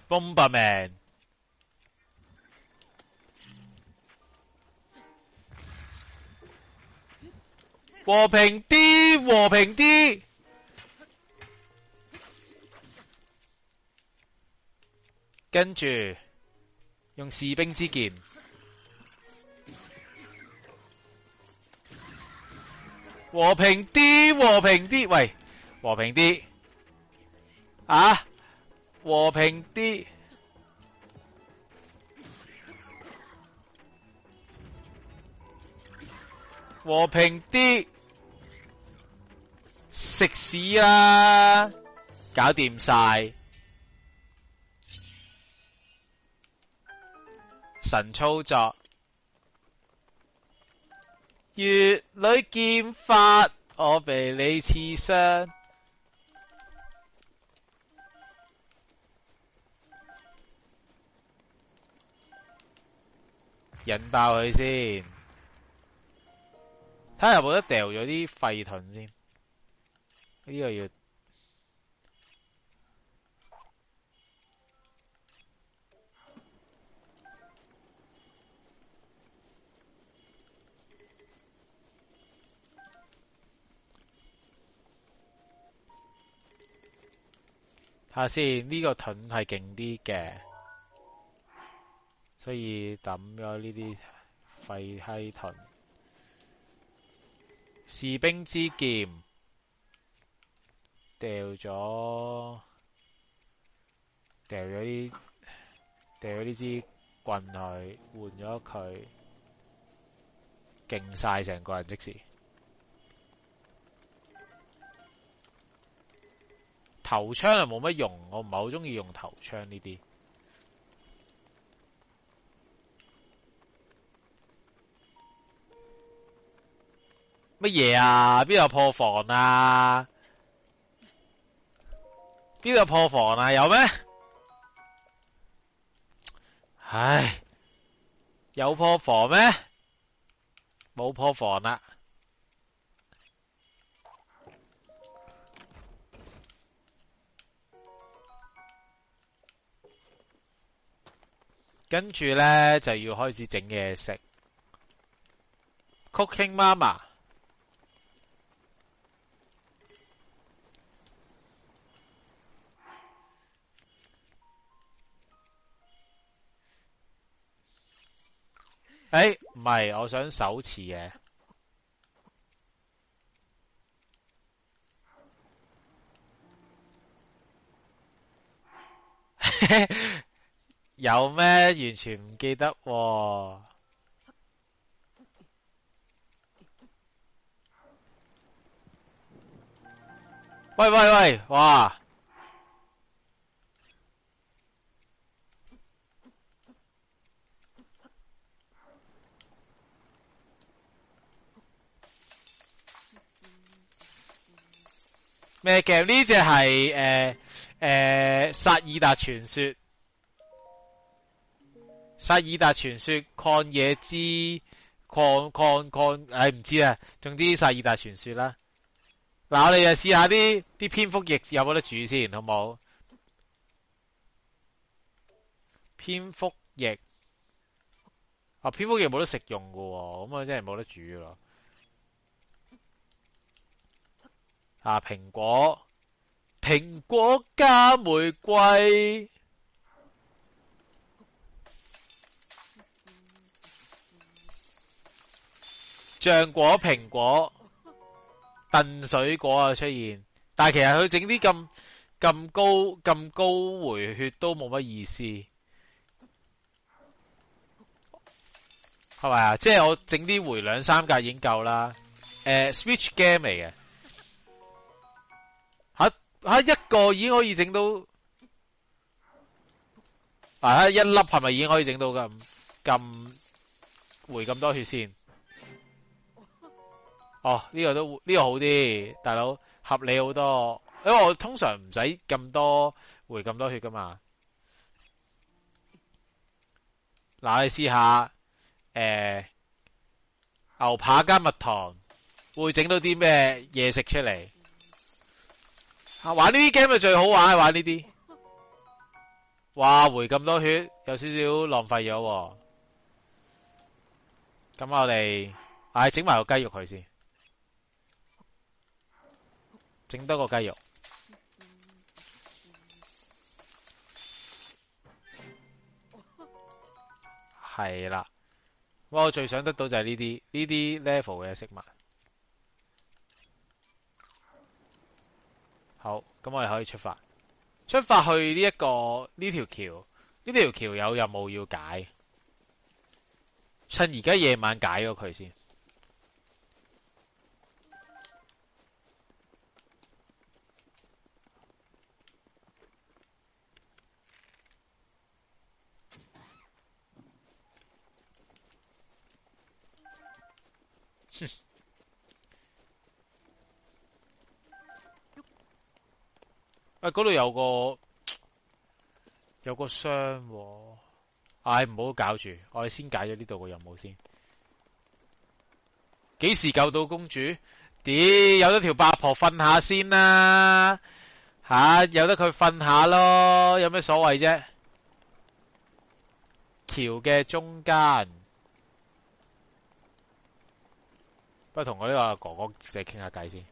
Bomberman，和平啲，和平啲，跟住用士兵之劍，和平啲，和平啲，喂，和平啲，啊！和平啲，和平啲，食屎啦！搞掂晒，神操作，越女劍法，我被你刺傷。引爆佢先，睇下有冇得掉咗啲廢盾先。呢個要睇下先，呢個盾係勁啲嘅。所以抌咗呢啲廢閪盾士兵之劍掉咗，掉咗啲，掉咗呢支棍去換咗佢，勁晒。成個人即時。頭槍又冇乜用，我唔係好中意用頭槍呢啲。乜嘢啊？邊度破房啊？邊度破房啊？有咩？唉，有破房咩？冇破房啦。跟住咧就要開始整嘢食，Cooking Mama。誒，唔係，欸，我想手持嘅，有咩？完全唔記得，啊。喂喂喂，哇！咩嘅？呢隻係誒誒《薩爾達傳說》，《薩爾達傳說》曠野之曠曠曠誒唔知啦，總之薩爾達傳《薩爾達傳說》啦。嗱，我哋就試下啲啲蝙蝠翼有冇得煮先，好冇？蝙蝠翼啊，蝙蝠翼冇得食用噶喎、哦，咁啊真係冇得煮啦。啊！蘋果，蘋果加玫瑰，醬果蘋果燉水果啊！出現，但係其實佢整啲咁咁高咁高回血都冇乜意思，係咪啊？即係我整啲回兩三格已經夠啦。誒、呃，Switch game 嚟嘅。啊！一個已經可以整到嗱、啊，一粒係咪已經可以整到咁咁回咁多血先？哦、啊，呢、這個都呢、這個好啲，大佬合理好多，因為我通常唔使咁多回咁多血噶嘛。嗱、啊，你試下誒、欸，牛扒加蜜糖會整到啲咩嘢食出嚟？啊、玩呢啲 game 咪最好玩，玩呢啲。哇，回咁多血，有少少浪費咗、啊。咁我哋，唉，整埋個雞肉佢先，整多個雞肉。係啦，我最想得到就係呢啲呢啲 level 嘅食物。好，咁我哋可以出發，出發去呢、這、一個呢條橋，呢條橋有任務要解，趁而家夜晚解咗佢先、嗯。嗯。喂，嗰度、哎、有個有個箱、哦，唉、哎，唔好搞住，我哋先解咗呢度個任務先。幾時救到公主？啲有得條八婆瞓下先啦、啊，吓、啊、有得佢瞓下咯，有咩所謂啫？橋嘅中間，不過同我呢個哥哥仔傾下偈先。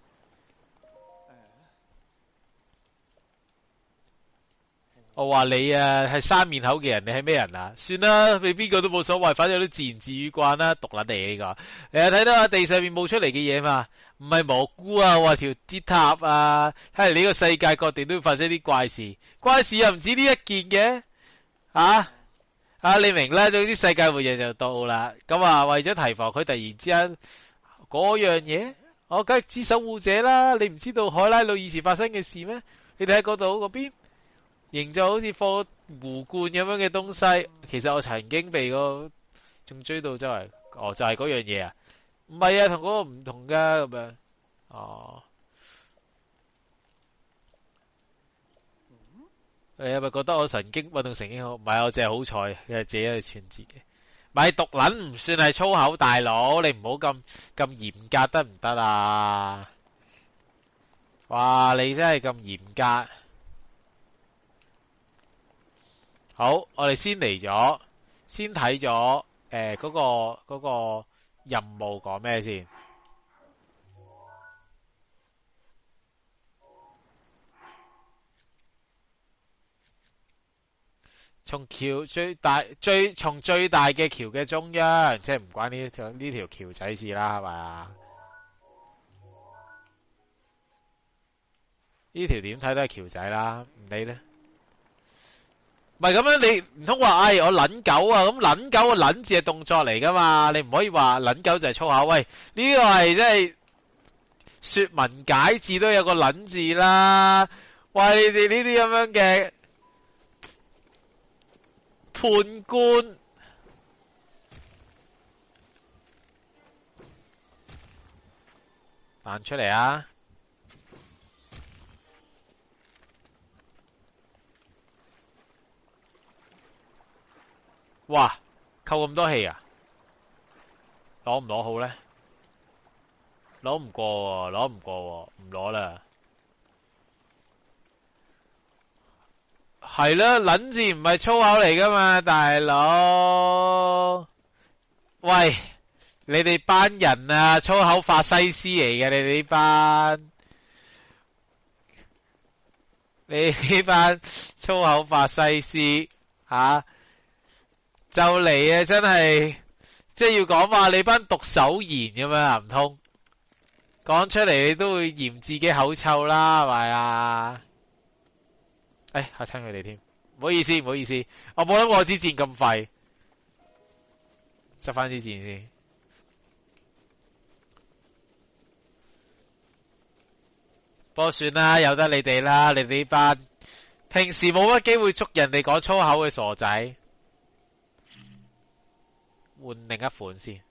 我話你啊，係三面口嘅人，你係咩人啊？算啦，你邊個都冇所謂，反正都自言自語慣啦，獨立地呢個。你又睇到啊，地上面冒出嚟嘅嘢嘛，唔係蘑菇啊，我話條鐵塔啊，睇嚟呢個世界各地都會發生啲怪事，怪事又唔止呢一件嘅、啊，啊，你明啦，總之世界末日就到啦。咁啊，為咗提防佢突然之間嗰樣嘢，我梗係知守護者啦。你唔知道海拉魯以前發生嘅事咩？你睇下嗰度嗰邊。形狀好似放壺罐咁樣嘅東西，其實我曾經被過仲追到周圍，哦，就係嗰樣嘢啊，唔係啊，同嗰個唔同噶，咁樣，哦，你係咪覺得我神經運動神經好？唔係，我淨係好彩，係自己去串字嘅，買毒撚唔算係粗口，大佬，你唔好咁咁嚴格得唔得啊？哇，你真係咁嚴格。好，我哋先嚟咗，先睇咗，誒、呃，嗰、那個嗰、那個任務講咩先？從橋最大最從最大嘅橋嘅中央，即係唔關呢條呢條橋仔事啦，係咪啊？呢條點睇都係橋仔啦，唔理呢。唔係咁樣，你唔通話，哎，我捻狗啊？咁捻狗個捻字係動作嚟噶嘛？你唔可以話捻狗就係粗口。喂，呢個係真係說文解字都有個捻字啦。喂，你哋呢啲咁樣嘅判官，彈出嚟啊！哇！扣咁多氣啊！攞唔攞好呢？攞唔過、啊，攞唔過、啊，唔攞啦！係啦，撚字唔係粗口嚟噶嘛，大佬！喂，你哋班人啊，粗口法西斯嚟嘅，你哋呢班？你呢班粗口法西斯吓？啊就嚟啊！真係，即係要講話你班毒手言咁樣，唔通講出嚟你都會嫌自己口臭啦，係咪啊？誒，吓親佢哋添，唔好意思，唔好意思，我冇諗我支箭咁廢，執翻支箭先。不過算啦，由得你哋啦，你哋呢班平時冇乜機會捉人哋講粗口嘅傻仔。換另一款先。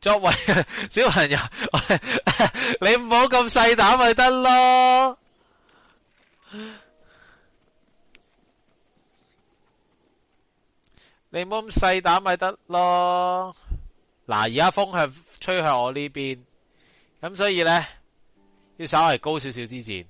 作為小朋友，你唔好咁細膽咪得咯。你唔好咁細膽咪得咯。嗱，而家風係吹向我呢邊，咁所以咧要稍為高少少之字。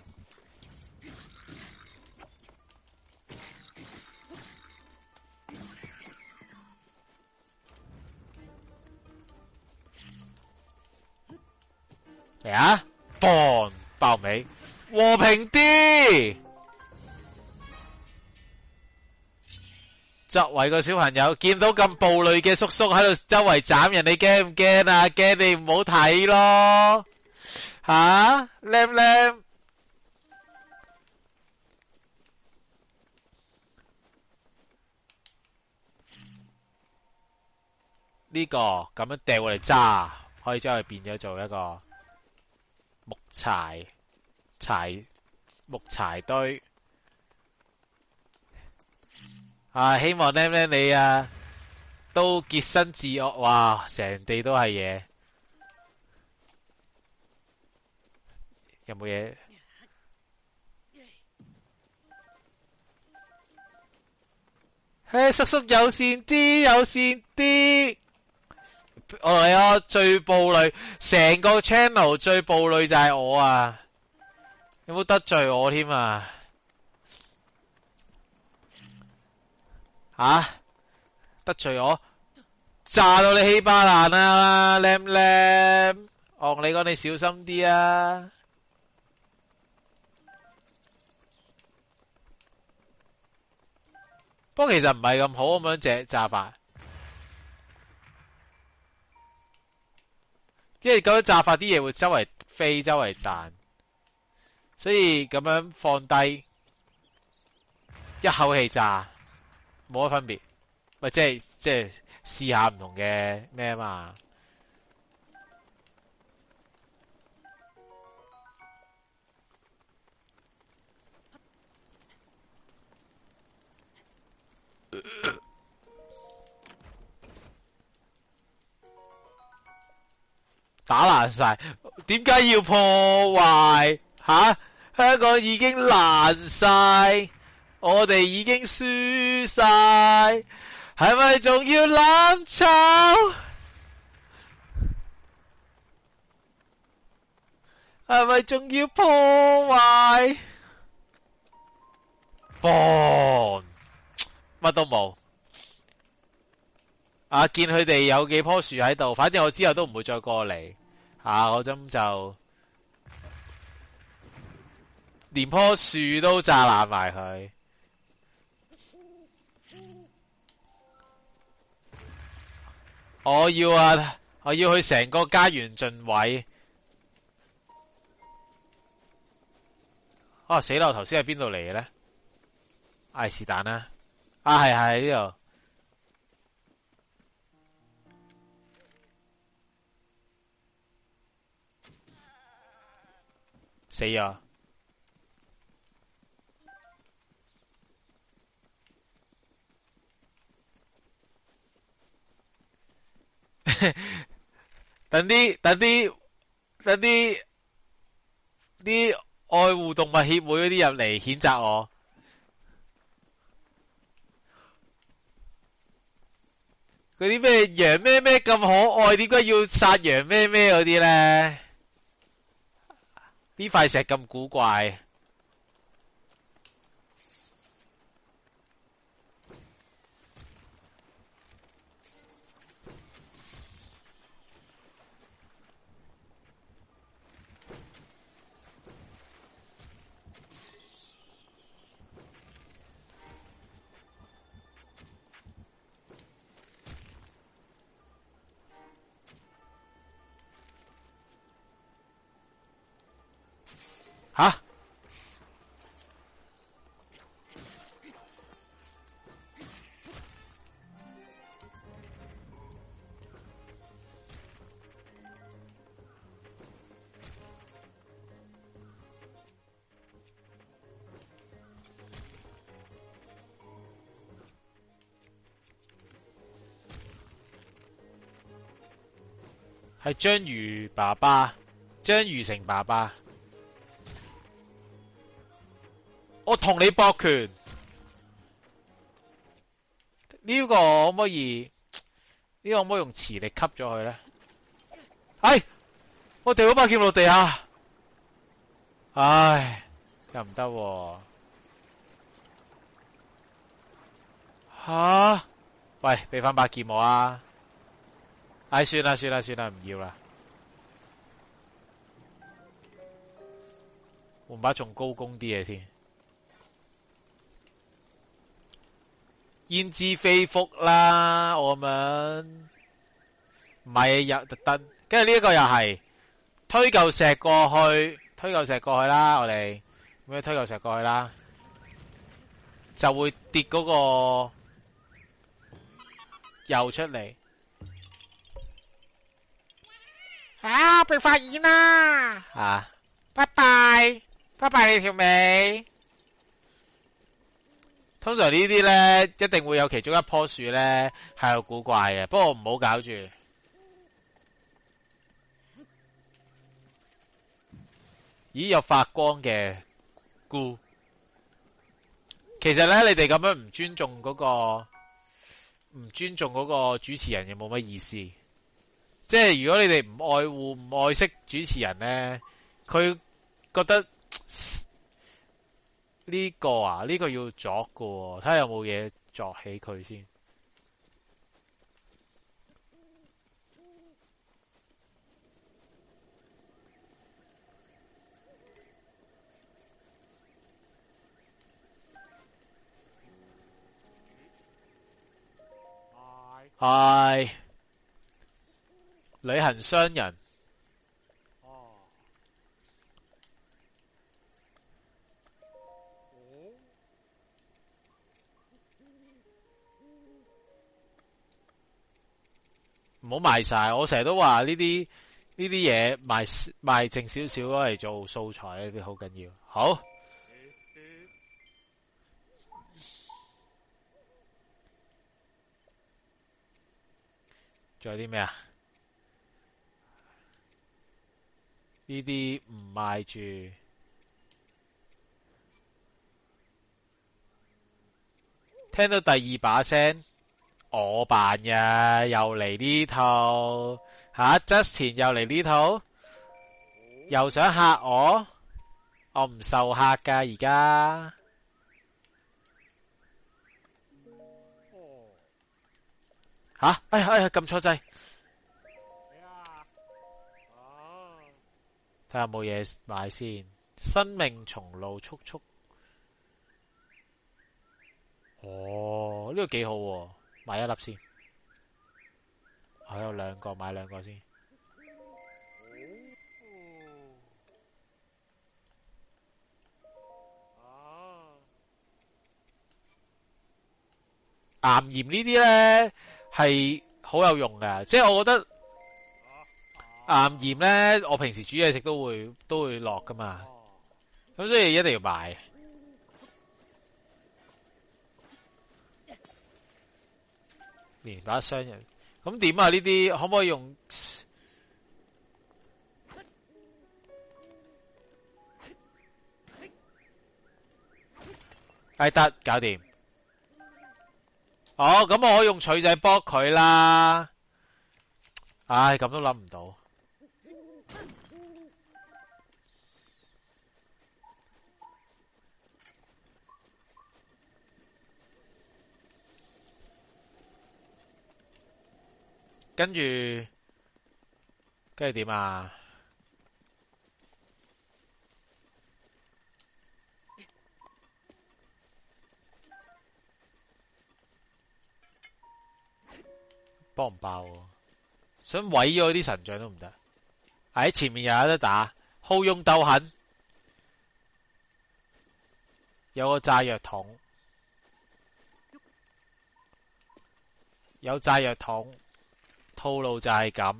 咩啊？爆爆尾，和平啲。周圍個小朋友見到咁暴戾嘅叔叔喺度周圍斬人，你驚唔驚啊？驚你唔好睇咯。吓、啊，靚唔靚呢個咁樣掟嚟，揸，可以將佢變咗做一個。柴柴木柴堆啊！希望呢呢你啊都潔身自惡哇！成地都係嘢，有冇嘢？嘿，叔叔友善啲，友善啲。我係我最暴戾，成個 channel 最暴戾就係我啊！有冇得罪我添啊？吓、啊、得罪我炸到你稀巴爛啊！靚唔靚？你講你小心啲啊！不過其實唔係咁好咁樣只炸法。因為咁樣炸發啲嘢會周圍飛周圍彈，彈，所以咁樣放低一口氣炸，冇乜分別，就是。咪即係即係試下唔同嘅咩啊嘛。打爛晒，點解要破壞吓、啊？香港已經爛晒，我哋已經輸晒，係咪仲要攬炒？係咪仲要破壞？放乜都冇，啊！見佢哋有幾棵樹喺度，反正我之後都唔會再過嚟。下、啊、我針就連棵樹都炸爛埋佢。我要啊，我要去成個家園盡位、啊。哦，死喇，頭先喺邊度嚟嘅呢？哎，是但啦。啊，係係呢度。誰呀死？ 等啲等啲等啲啲愛護動物協會嗰啲入嚟譴責我，佢啲咩羊咩咩咁可愛，點解要殺羊咩咩嗰啲咧？呢塊石咁古怪。啊，係章魚爸爸，章魚成爸爸。我同你搏拳，呢個可唔可以？呢個可唔可以用磁力吸咗佢咧？唉、哎，我掉嗰把劍落地啊！唉，又唔得，吓！喂，俾翻把劍我啊！唉，算啦算啦算啦，唔要啦。換把仲高攻啲嘅添。焉知非福啦，我咁樣，咪又特登，跟住呢一個又係推舊石過去，推舊石過去啦，我哋咁樣推舊石過去啦，就會跌嗰個又出嚟，吓，被發現啦！啊，拜拜，拜拜你條尾。通常呢啲呢，一定會有其中一棵樹呢係有古怪嘅，不過唔好搞住。咦，有發光嘅菇？其實呢，你哋咁樣唔尊重嗰個，唔尊重嗰個主持人，有冇乜意思？即係如果你哋唔愛護、唔愛惜主持人呢，佢覺得。呢個啊，呢個要捉噶，睇下有冇嘢作起佢先。唉，Hi. 旅行商人。唔好賣晒，我成日都話呢啲呢啲嘢，賣賣剩少少咯，嚟做素材呢啲好緊要。好，仲有啲咩啊？呢啲唔賣住。聽到第二把聲。我扮嘅又嚟呢套吓、啊、Justin 又嚟呢套，又想吓我，我唔受吓噶而家吓，哎呀哎呀，撳錯掣，睇下冇嘢買先，生命從路速速哦，哦、這、呢個幾好。買一粒先，我有兩個，買兩個先。哦，岩鹽呢啲咧係好有用噶即係我覺得岩鹽咧，我平時煮嘢食都會都會落噶嘛，咁所以一定要買。連把雙人咁點啊？呢啲可唔可以用？係得，搞掂。哦，咁我可以用錘仔幫佢啦。唉，咁都諗唔到。跟住，跟住點啊？爆唔爆喎？想毀咗啲神像都唔得。喺、哎、前面又有得打，好勇鬥狠。有個炸藥桶，桶，有炸藥桶。套路就係咁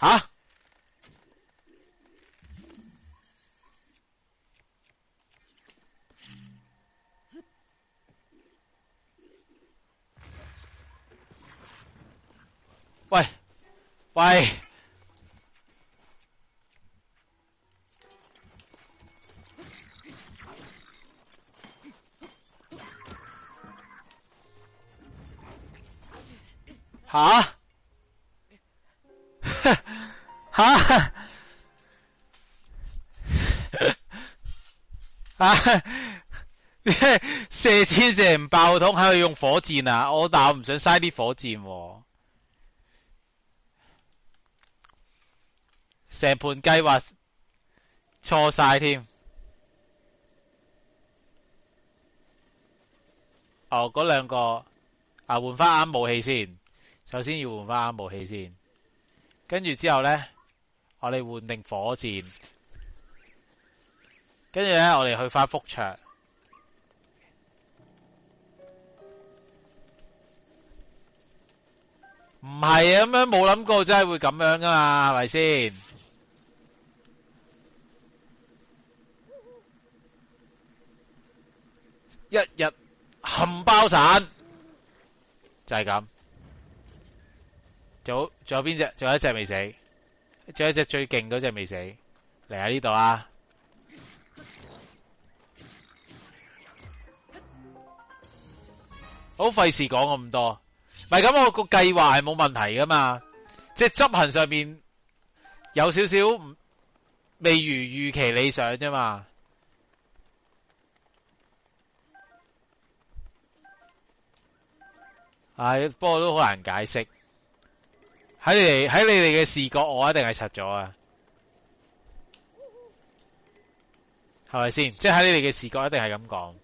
嚇？喂，喂！好，好、啊啊啊啊啊，啊！射箭射唔爆桶，係咪用火箭啊？我但我唔想嘥啲火箭，成盤計劃錯晒添。哦，嗰兩個啊，換翻啱武器先。首先要換翻武器先，跟住之後咧，我哋換定火箭，跟住咧我哋去翻覆場，唔係咁樣，冇諗過真係會咁樣噶嘛，係咪先？一日冚包散，就係咁。仲仲有邊隻？仲有一隻未死？仲有一隻最勁嗰隻未死？嚟，喺呢度啊好！好費事講咁多，咪係咁，我個計劃係冇問題噶嘛？即係執行上面有少少未如預期理想啫嘛。係，不過都好難解釋。喺你喺你哋嘅視覺，我一定係實咗啊，係咪先？即係喺你哋嘅視覺，一定係咁講。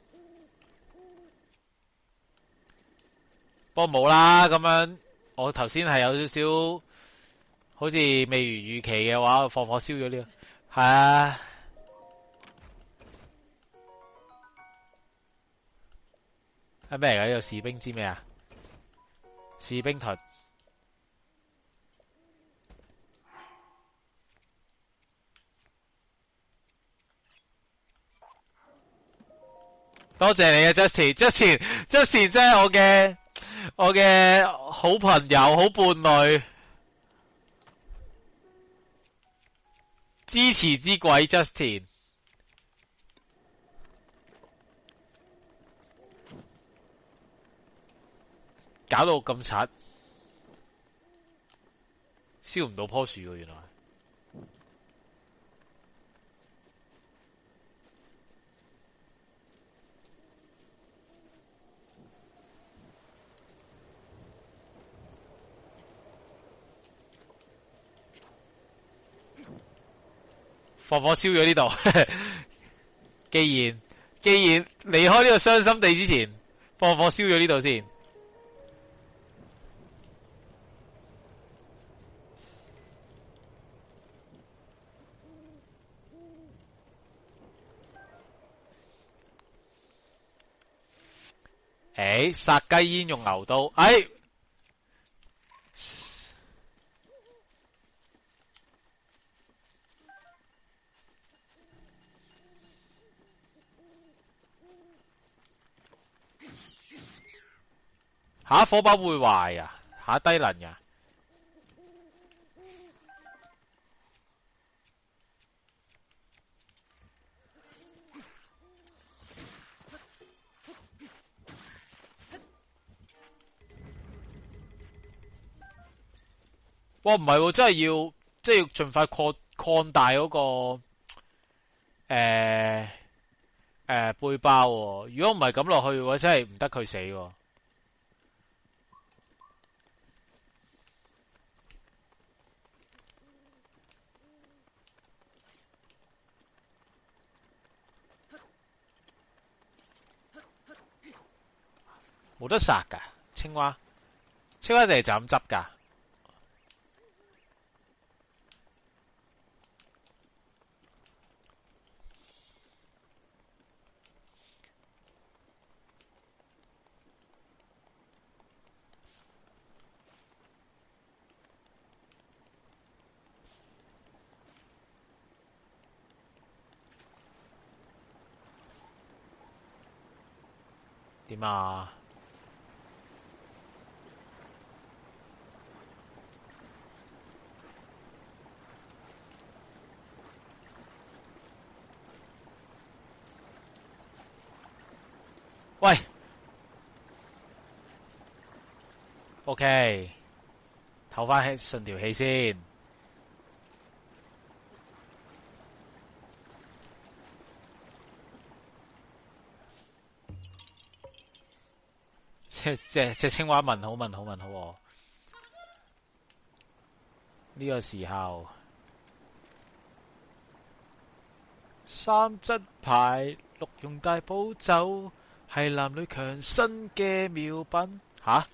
不過冇啦，咁樣我頭先係有少少，好似未如預期嘅話，放火燒咗呢個係啊是什麼。係咩嚟㗎？呢個士兵知咩啊？士兵盾。多謝你啊，Justin，Justin，Justin 真係我嘅我嘅好朋友，好伴侶，支持之鬼 Justin，搞到咁柒，燒唔到棵樹，原來。放火燒咗呢度，既然既然離開呢個傷心地之前，放火燒咗呢度先，欸。誒，殺雞焉用牛刀，誒、欸。下火包會壞啊！下低能啊。哇，唔係、啊，真係要，即係要盡快擴擴大嗰個，誒、呃、誒、呃、背包、啊。如果唔係咁落去嘅話，我真係唔得佢死、啊。冇得殺㗎，青蛙，青蛙地就咁執㗎，點啊？喂，OK，唞翻氣順條氣先這隻。隻隻隻青蛙問好問好問好。呢、啊、個時候三牌，三則牌六用大寶走。係男女強身嘅妙品吓，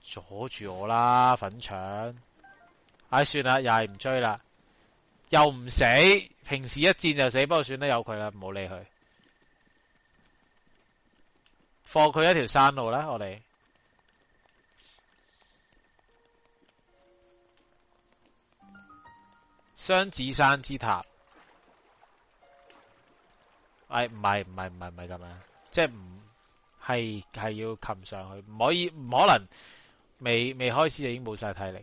阻住我啦粉腸！唉、哎，算啦，又係唔追啦，又唔死。平時一戰就死，不過算啦，有佢啦，唔好理佢，放佢一條生路啦，我哋。張子山之塔，唉、哎，唔係唔係唔係唔係咁樣，即係唔係係要擒上去，唔可以唔可能，未未開始就已經冇晒體力。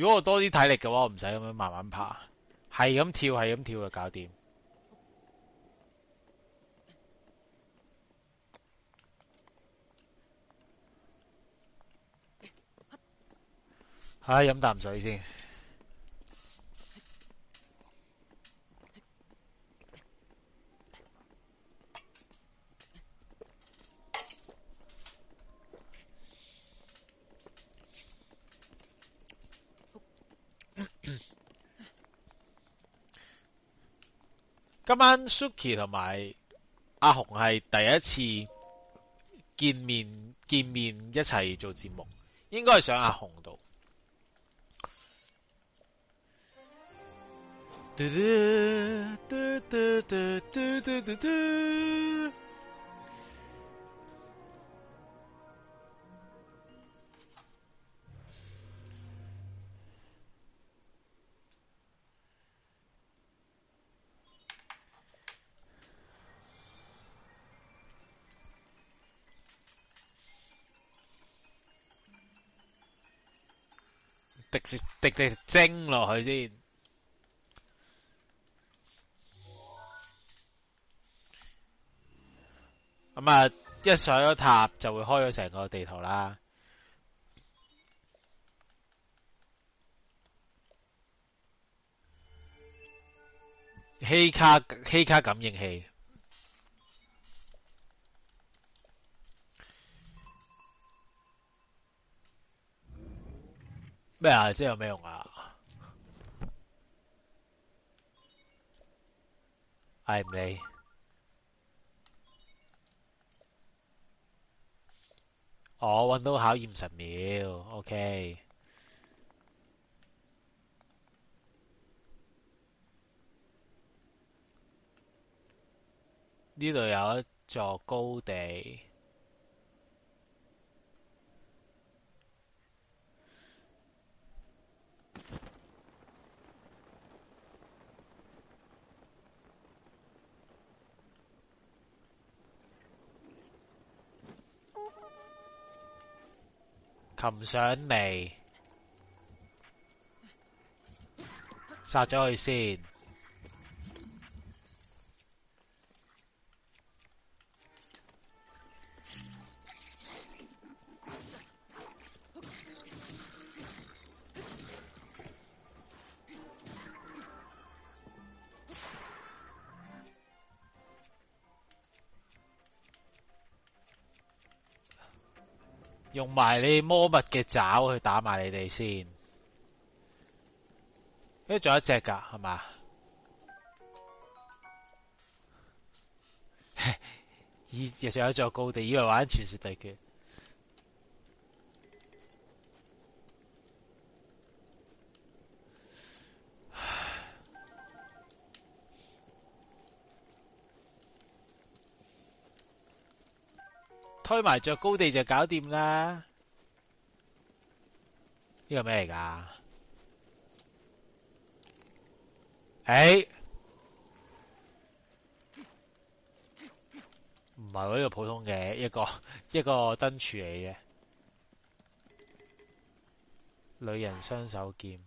如果我多啲體力嘅話，我唔使咁樣慢慢爬，係咁跳，係咁跳就搞掂。唉，飲 啖、啊、水先。今晚 Suki 同埋阿紅係第一次見面，見面一齊做節目，應該係上阿紅度。滴滴滴蒸落去先，咁啊！一上咗塔，就會開咗成個地圖啦。希卡希卡感應器。咩啊？即係有咩用啊？i 唔你，我搵到考驗神廟。OK，呢度有一座高地。擒上嚟，殺咗佢先。用埋你魔物嘅爪去打埋你哋先，跟住仲有一隻噶，係嘛？咦，又仲有一座高地，以為玩傳說對決。開埋着高地就搞掂啦！呢個咩嚟噶？誒，唔係喎，呢個普通嘅一個一個燈柱嚟嘅，女人雙手劍。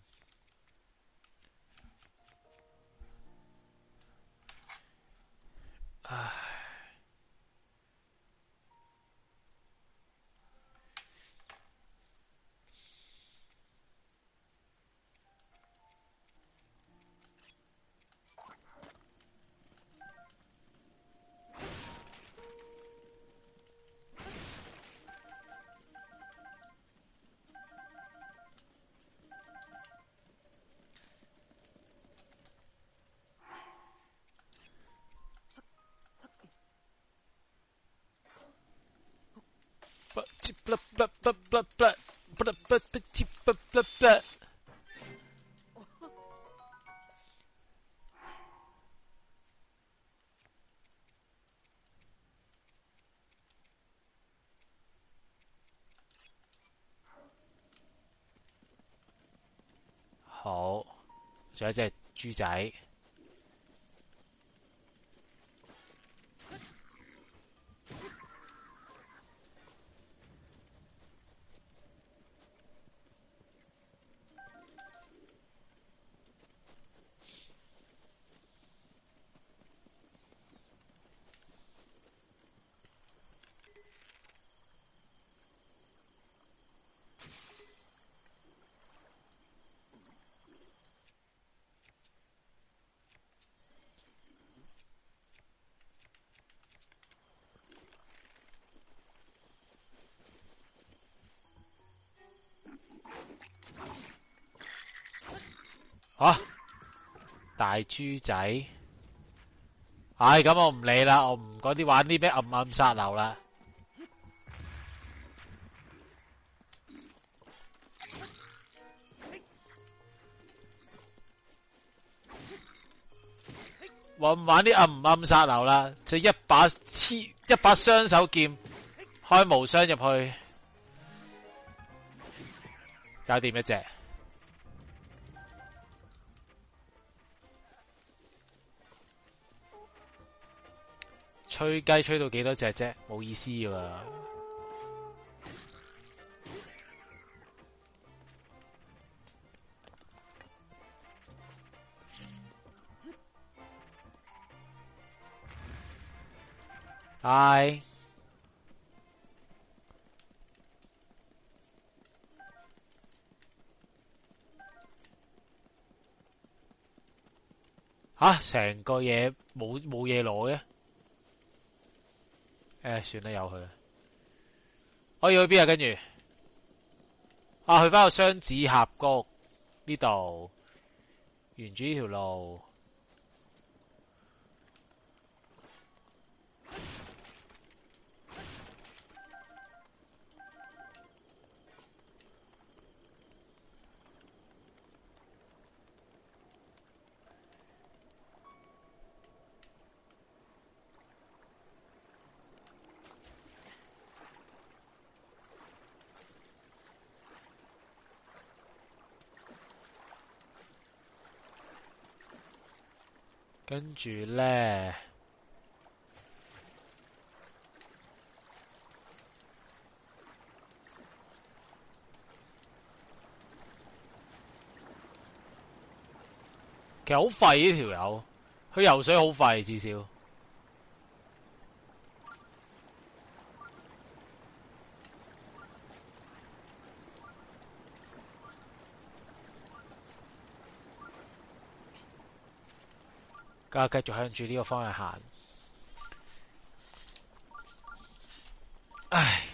不不不不不不不不！好，再一隻豬仔。係豬仔，唉，咁我唔理啦，我唔講啲玩啲咩暗暗殺流啦。我唔玩啲暗暗殺流啦，就一把雙一把雙手劍，開無雙入去，搞掂一隻。吹雞吹到幾多隻啫？冇意思噶。哎，吓、啊、成個嘢冇冇嘢攞呀。誒，算啦，由佢啦，可以去邊啊？跟住啊，去返個雙子峽谷呢度，沿住呢條路。跟住咧，呢其實好快，呢條友，佢游水好快至少。大家繼續向住呢個方向行。唉。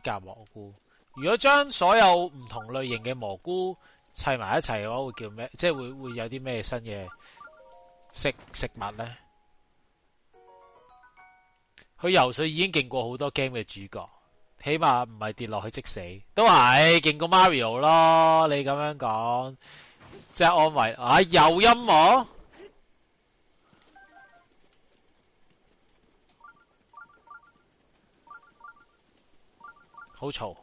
海蘑菇，如果將所有唔同類型嘅蘑菇砌埋一齊嘅話會會，會叫咩？即係會會有啲咩新嘅食食物呢？去游水已經勁過好多 game 嘅主角，起碼唔係跌落去即死，都係勁過 Mario 咯。你咁樣講，即係安慰。啊、哎，有音樂。好嘈！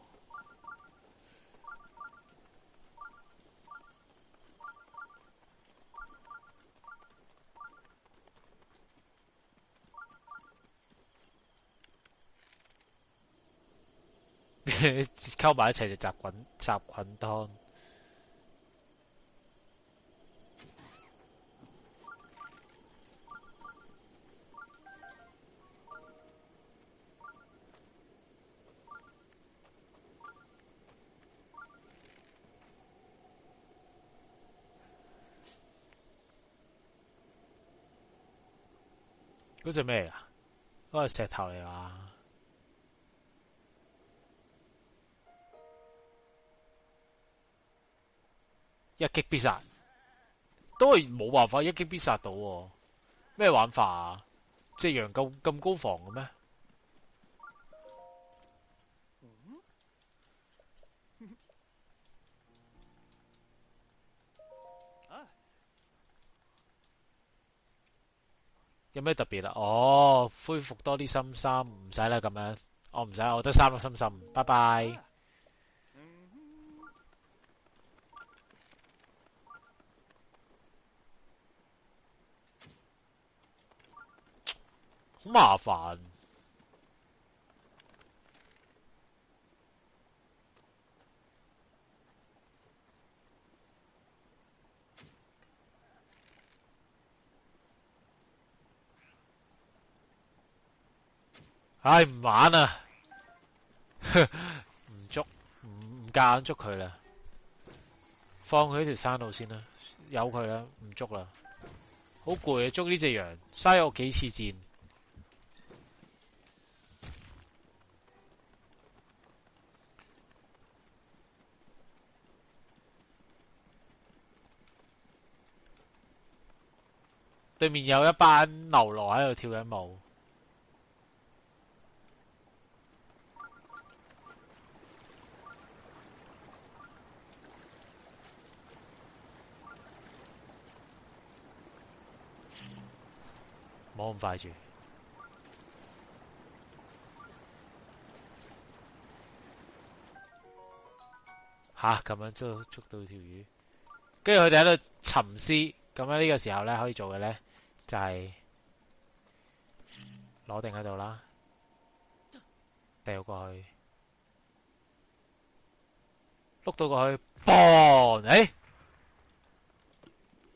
佢哋溝埋一齊就雜菌，雜菌湯。嗰隻咩嚟？嗰係石頭嚟嘛？一擊必殺，都係冇辦法一擊必殺到。喎。咩玩法啊？即係樣咁咁高防嘅咩？有咩特別啊？哦，恢復多啲心心，唔使啦咁樣，我唔使，我得三個心心，拜拜。好、嗯、 麻煩。唉，唔玩啦，唔 捉，唔唔夾硬捉佢啦，放佢喺條山路先啦，由佢啦，唔捉啦，好攰啊！捉呢隻羊，嘥我幾次戰。對面有一班牛郎喺度跳緊舞。好快住吓，咁樣都捉到條魚，跟住佢哋喺度沉思。咁樣呢個時候咧，可以做嘅咧就係攞定喺度啦，掉過去，碌到過去，嘣，哎，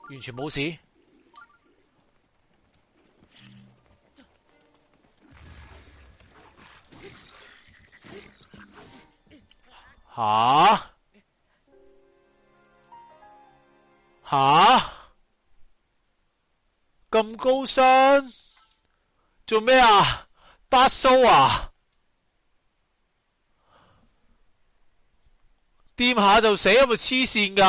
完全冇事。吓吓咁高聲做咩啊？巴蘇啊？掂、啊、下就死，有咪黐線㗎？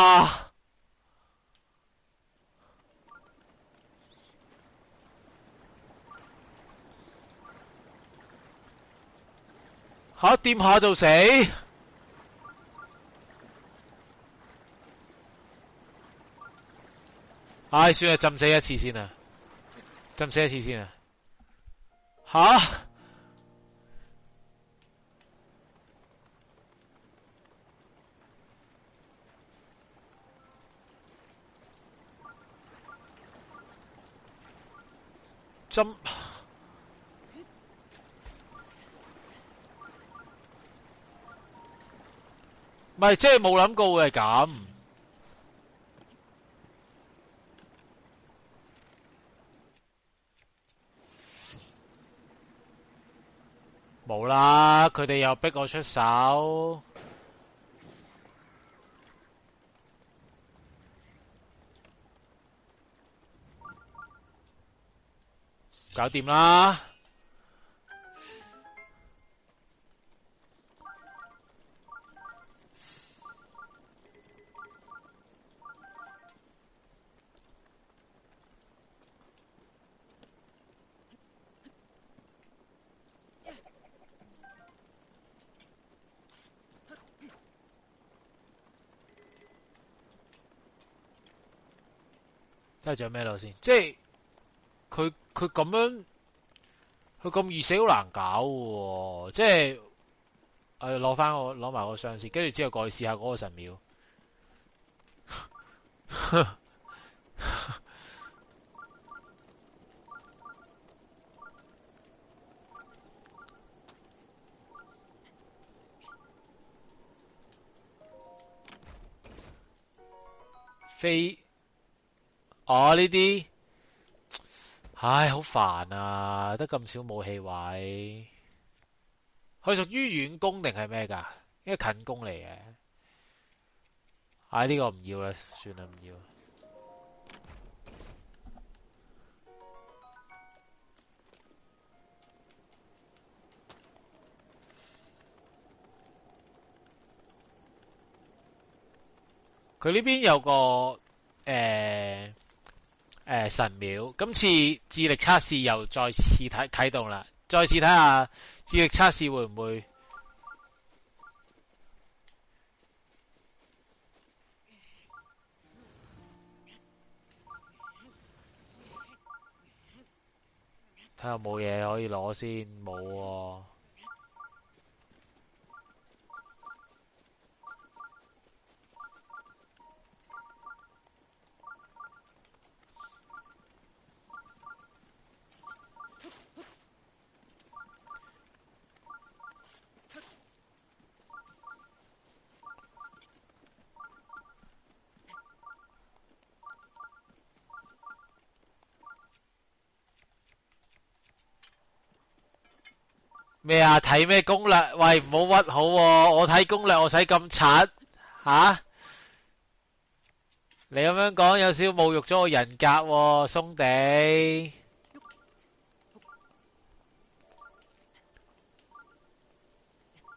吓、啊、掂下就死？唉，算係浸死一次先啊！浸死一次先啊！吓，浸， 浸，唔係即係冇諗過會係冇啦，佢哋又逼我出手，搞掂啦。睇下着咩路先，即係佢佢咁樣，佢咁易死好難搞喎。即係、啊、我攞返，我攞埋個相片，跟住之後過去試下嗰個神廟，飛。 哦，呢啲，唉，好煩啊，得咁少武器位，佢屬於遠攻定係咩㗎？因為近攻嚟嘅。唉，呢個唔要啦，算啦，唔要。佢呢邊有個，誒。誒，神廟，今次智力測試又再次睇，啟動啦，再次睇下智力測試會唔會睇下冇嘢可以攞先，冇啊。咩啊？睇咩攻略？喂，唔好屈好，我睇攻略我使咁柒吓？你咁樣講有少侮辱咗我人格，兄弟。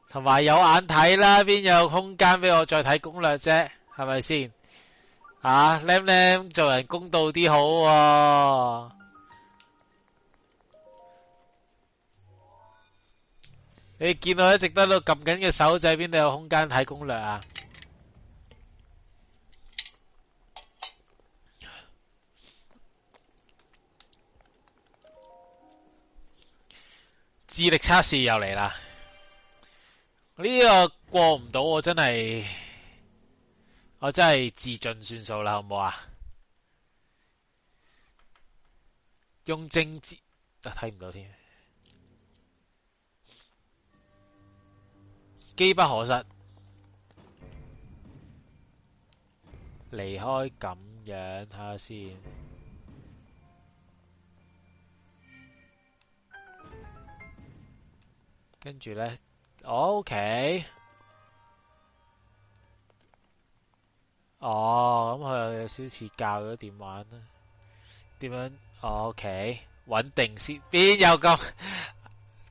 同埋有眼睇啦，邊有空間俾我再睇攻略啫？係咪先？吓？靚唔靚？做人公道啲好。你見到一直喺度撳緊嘅手仔，邊度有空間睇攻略啊？智力測試又嚟啦！呢個過唔到，我真係我真係自盡算數啦，好唔好政治啊？用正字啊，睇唔到添。機不可失，離開咁樣睇下先呢，跟住咧，OK，哦，咁佢有少少教咗點玩呢？點樣？OK，穩定先，邊有個？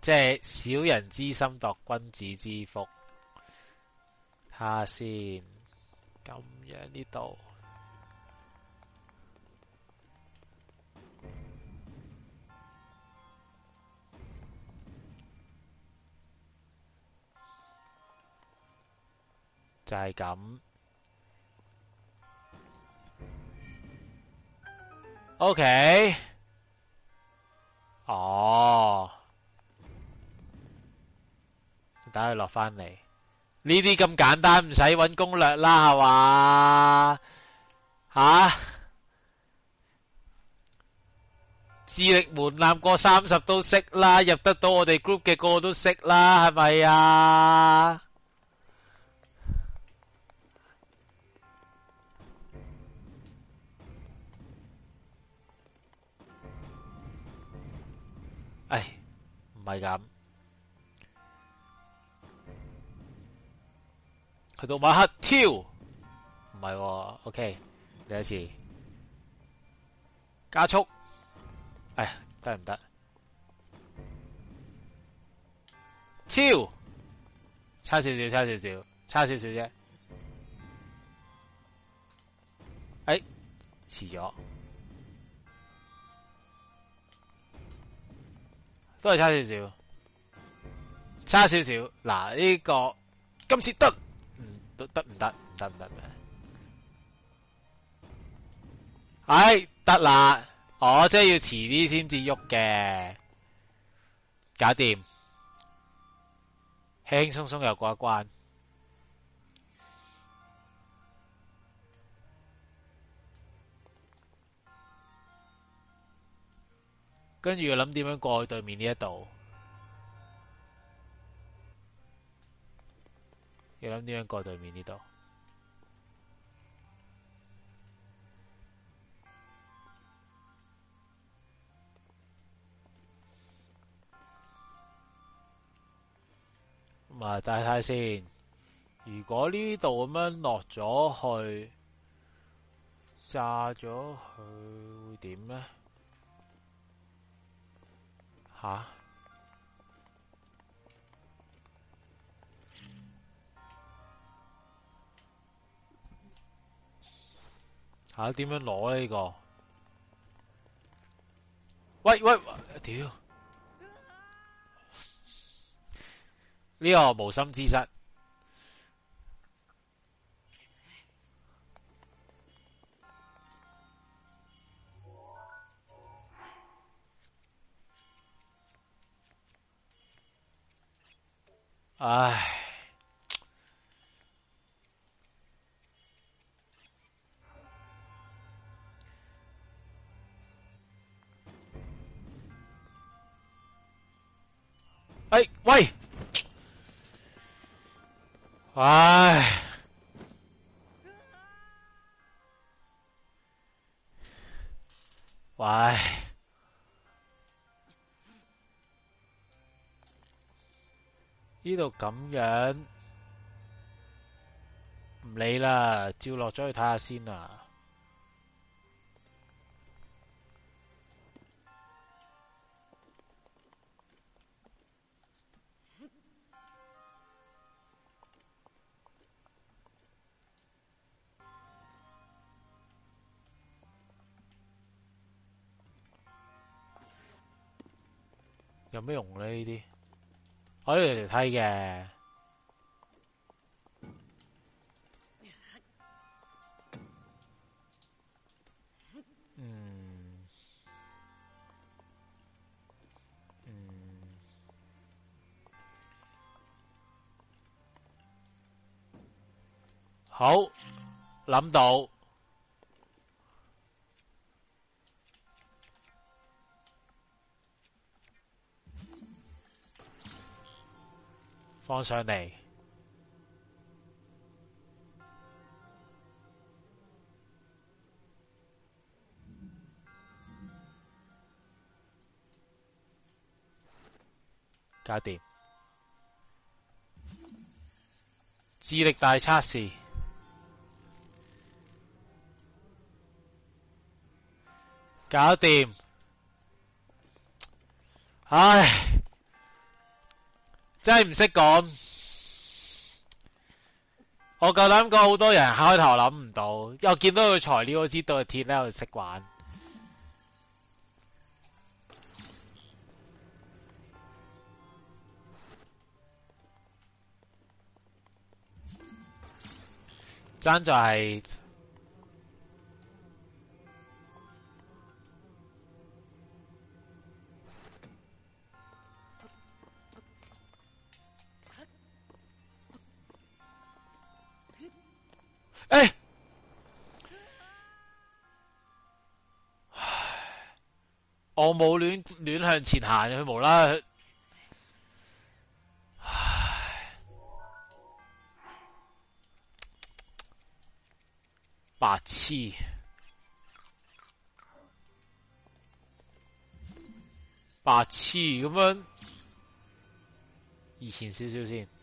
即 係小人之心度君子之腹。下先，咁樣呢度就係咁。OK，哦，等佢落翻嚟。呢啲咁簡單，唔使揾攻略啦，係嘛？嚇！智力門檻過三十都識啦，入得到我哋 group 嘅個個都識啦，係咪啊？哎，唔係咁。去到晚黑，跳，唔係喎，OK，第一次加速，哎，得唔得？跳，差少少，差少少，差少少啫。哎，遲咗，都係差少少，差少少。嗱，呢個，今次得。得得唔得？得唔得咩？哎，得啦，我真係要遲啲先至喐嘅。搞掂，輕輕鬆鬆又過一關，跟住諗點樣過去對面呢一度。要諗呢樣過對面呢度？咁啊，睇下先。如果呢度咁樣落咗去，炸咗佢會點呢？吓、啊？吓？點樣攞呢個喂？喂喂，屌！呢個無心之失。唉。哎喂，喂喂，呢度咁樣唔理啦，照落咗去睇下先喇！有咩用咧？呢啲，我呢條梯嘅，嗯，嗯，好諗到。放上嚟，搞掂，智力大測試，搞掂，唉。真係唔識講，我夠膽講。好多人開頭諗唔到，又見到佢材料，我知道係鐵喺度食慣，爭就係。哎、欸，唉白癡白癡，我冇亂亂向前行，佢無啦，唉，白痴，白痴咁樣，移前少少先。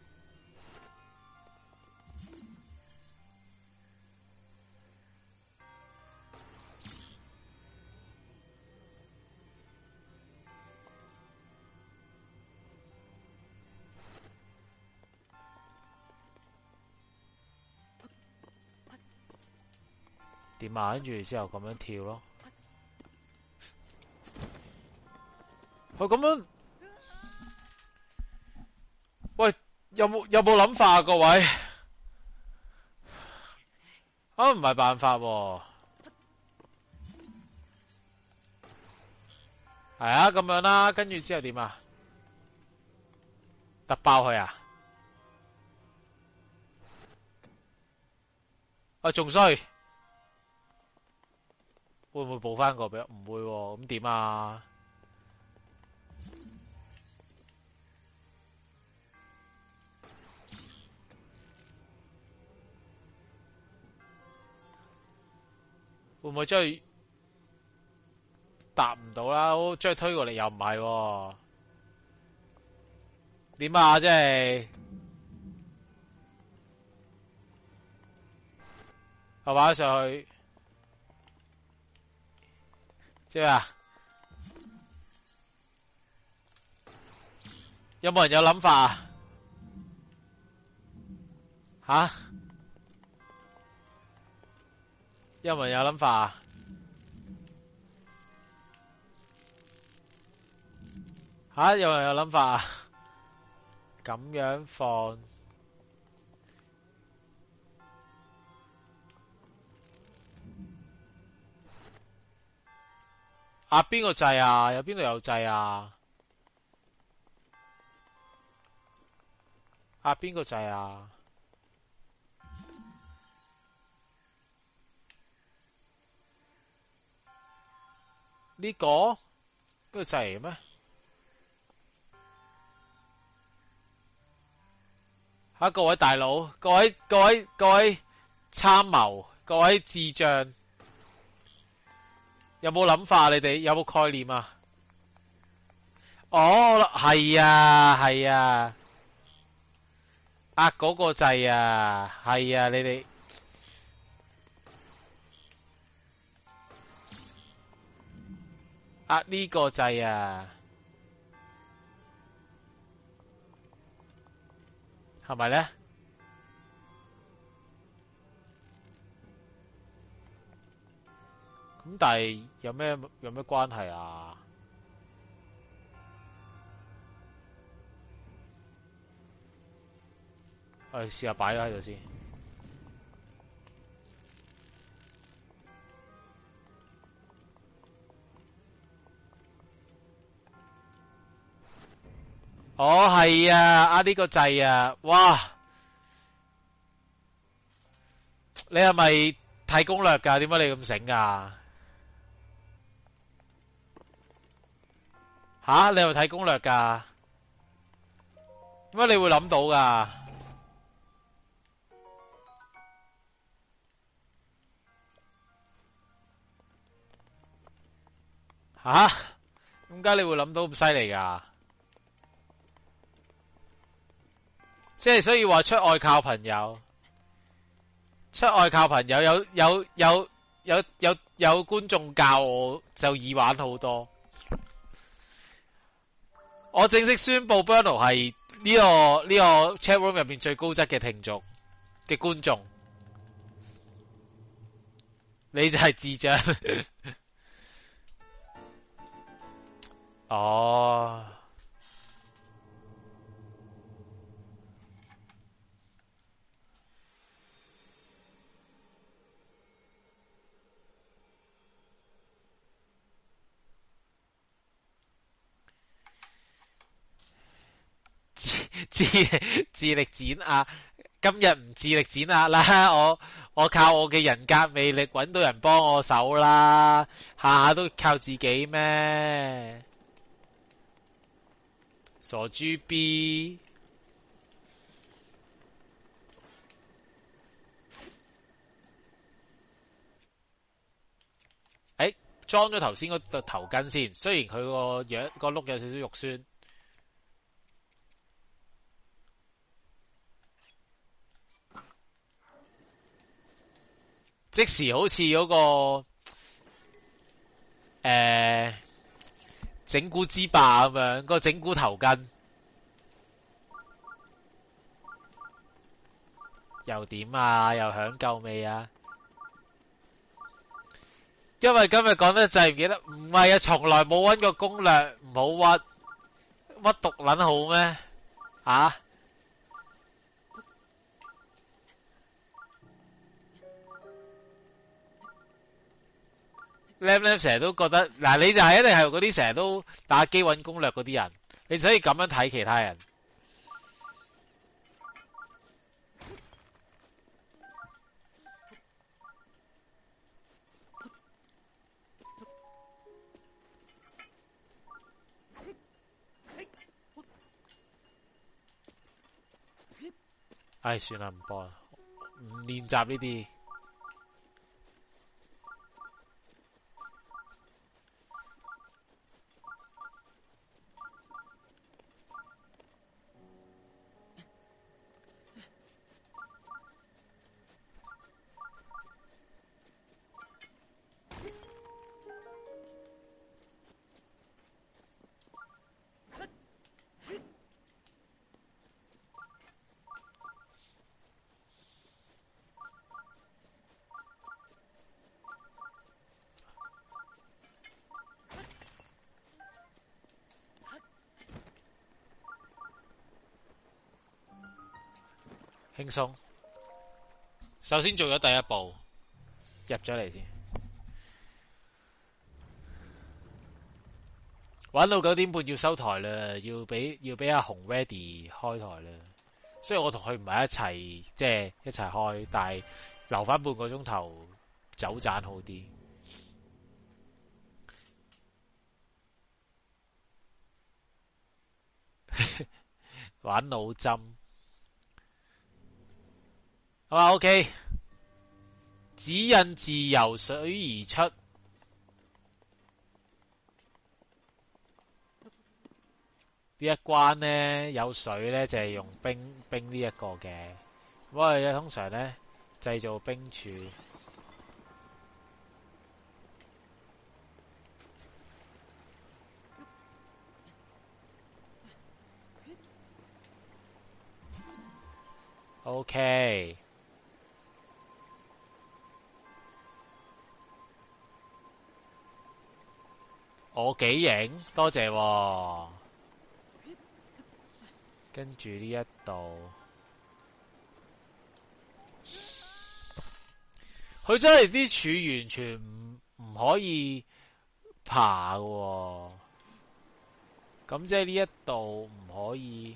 點啊？跟住之後咁樣跳咯。佢咁樣，喂，有冇有冇諗法啊？各位啊，唔係辦法。係啊，咁樣啦。跟住之後點啊？突爆佢啊！啊，仲衰！會唔會補翻個俾？唔會咁點啊？啊 會唔會即係搭唔到啦，啊？我推過嚟又唔係點啊？即係係嘛上去？對啊？有冇人有諗法啊？吓？有冇人有諗法啊？吓？有冇人有諗法啊？咁樣放。阿邊個掣啊？有邊度有掣啊？阿邊個掣啊？呢、啊、個都掣咩？吓、這個啊！各位大佬，各位各位各位參謀，各位智障。有冇諗法？你哋有冇概念啊？哦，係啊，係啊，壓嗰個掣啊，係啊，你哋壓呢個掣啊，係咪咧？咁但係有咩有咩關係啊？誒，試下擺喺度先。哦，係啊，啊呢個掣啊，哇！你係咪睇攻略噶？點解你咁醒噶？吓、啊！你有睇攻略噶？點解你會諗到噶？吓、啊？點解你會諗到咁犀利噶？即係所以話，出外靠朋友，出外靠朋友，有有有有有有觀眾教我，就易玩好多。我正式宣布 Bernard 係、這、呢個呢、這個 chat room 入面最高質嘅聽眾嘅觀眾，你就係智障。 哦。智智力輾壓，今日唔智力輾壓。啦！我我靠我嘅人格魅力揾到人幫我手啦，下下都靠自己咩？傻豬 B！哎，裝咗頭先嗰個頭巾先，雖然佢個樣個碌有少少肉酸。即時好似嗰個誒整蠱之霸咁樣，個整蠱頭巾又點啊？又搶救未啊？因為今日講得就係唔記得，唔係啊，從來冇溫過攻略，唔好屈屈毒撚好咩？啊！lem lem 成日都覺得，嗱，你就係一定係嗰啲成日都打機揾攻略嗰啲人，你所以咁樣睇其他人。唉，算啦，唔播啦，唔練習呢啲。輕鬆，首先做咗第一步，入咗嚟先。玩到九點半要收台啦，要俾要俾阿紅 ready 開台啦。雖然我同佢唔係一齊，即係一齊開，但係留翻半個鐘頭走盞好啲。玩腦針。哇，O K，指引自由水而出。呢一關呢，有水呢，就係、是、用冰冰呢一個嘅。不過咧通常呢，製造冰柱。O K。我幾型，多謝。跟住呢一度，佢真係啲柱完全唔唔可以爬喎。咁即係呢一度唔可以。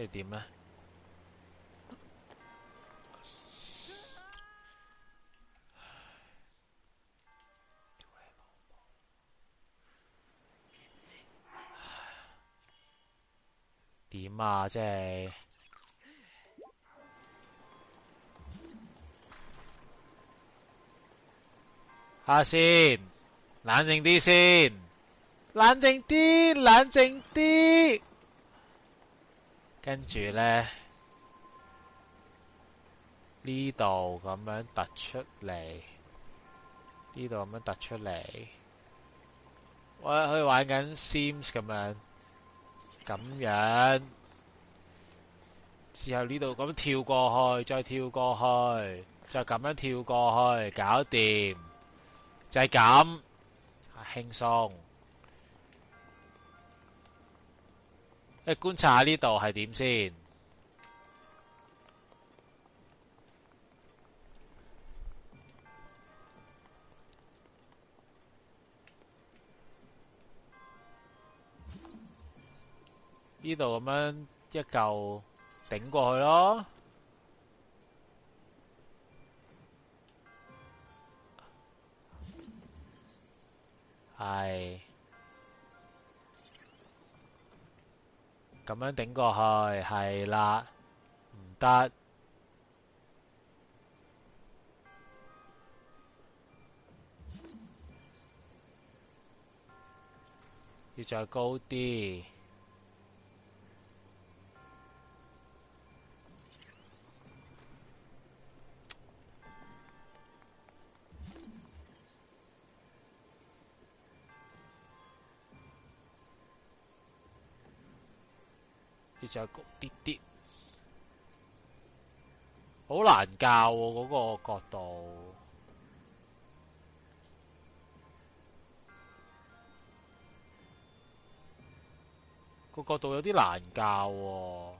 係點咧？點啊！即係下先，冷靜啲先，冷靜啲，冷靜啲。跟住咧呢度咁樣突出嚟，呢度咁樣突出嚟。喂，佢玩緊《Sims》咁樣，咁樣，之後呢度咁跳過去，再跳過去，再咁樣跳過去，搞掂就係、是、咁，輕鬆。誒，觀察下呢度係點先？呢度咁樣一嚿頂過去咯，唉。咁樣頂過去係啦，唔得，要再高啲。就谷跌跌，好難教嗰，啊那個角度，個角度有啲難教，啊，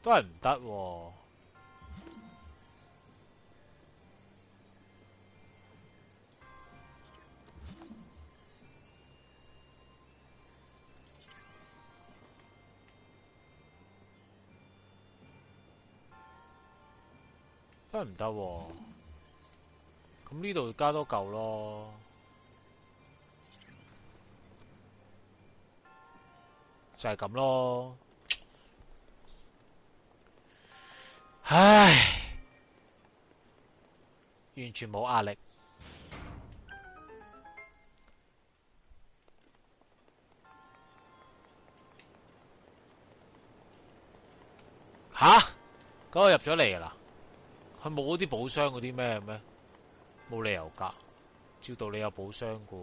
都係唔得。真係唔得，咁呢度加多嚿咯，就係咁咯。唉，完全冇壓力。吓，咁我入咗嚟啦。佢冇嗰啲補傷嗰啲咩咩？冇理由噶，照道理有補傷噶。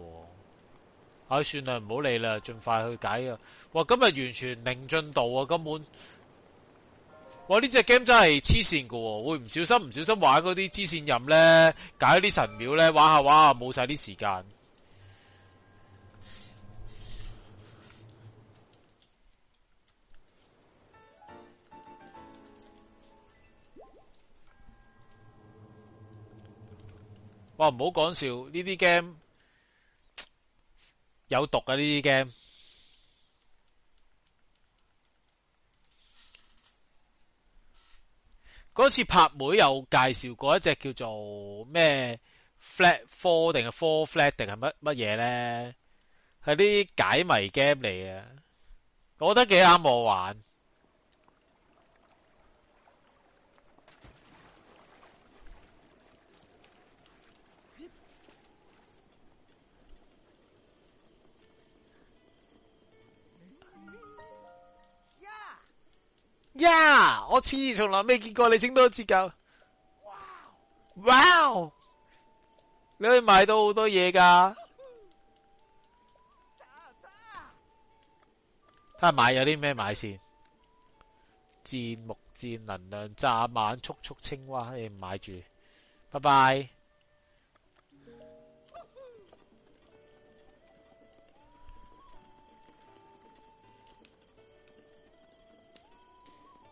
唉、哎，算啦，唔好理啦，盡快去解啊！哇，今日完全零進度啊，根本。哇！呢隻 game 真係黐線噶，會唔小心唔小心玩嗰啲支線任務呢？咧，解啲神廟咧，玩下玩下冇晒啲時間。哇！唔好講笑，呢啲 game 有毒嘅、啊。呢啲 game 嗰次拍妹有介紹過一隻叫做咩 Flat Four 定係 Four Flat 定係乜乜嘢呢？係啲解謎 game 嚟嘅，我覺得幾啱我玩。呀！Yeah, 我似從來未見過你整多折扣。哇！哇！你可以買到好多嘢㗎。睇下買有啲咩買先。箭木箭能量炸晚速速青蛙，你買住。拜拜。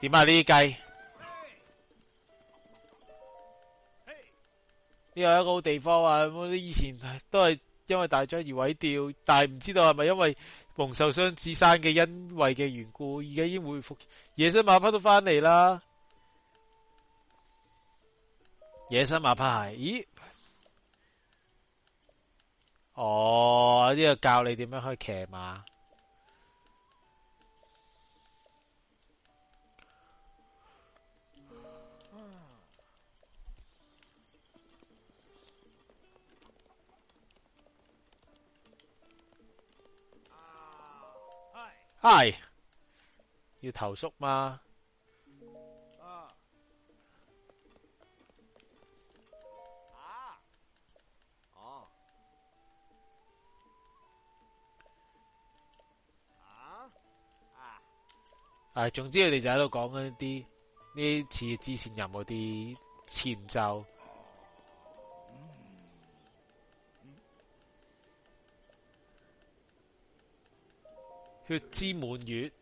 點啊！呢啲雞呢個一個好地方啊！我哋以前都係因為大將而毀掉，但係唔知道係咪因為蒙受傷致山嘅因惠嘅緣故，而家已經回復野生馬匹都翻嚟啦！野生馬匹，咦？哦，呢個教你點樣去騎騎馬。嗨，哎、要投訴嗎？啊，啊，啊，啊，啊，總之佢哋就喺度講緊啲呢次之前有冇啲前奏。血之滿月，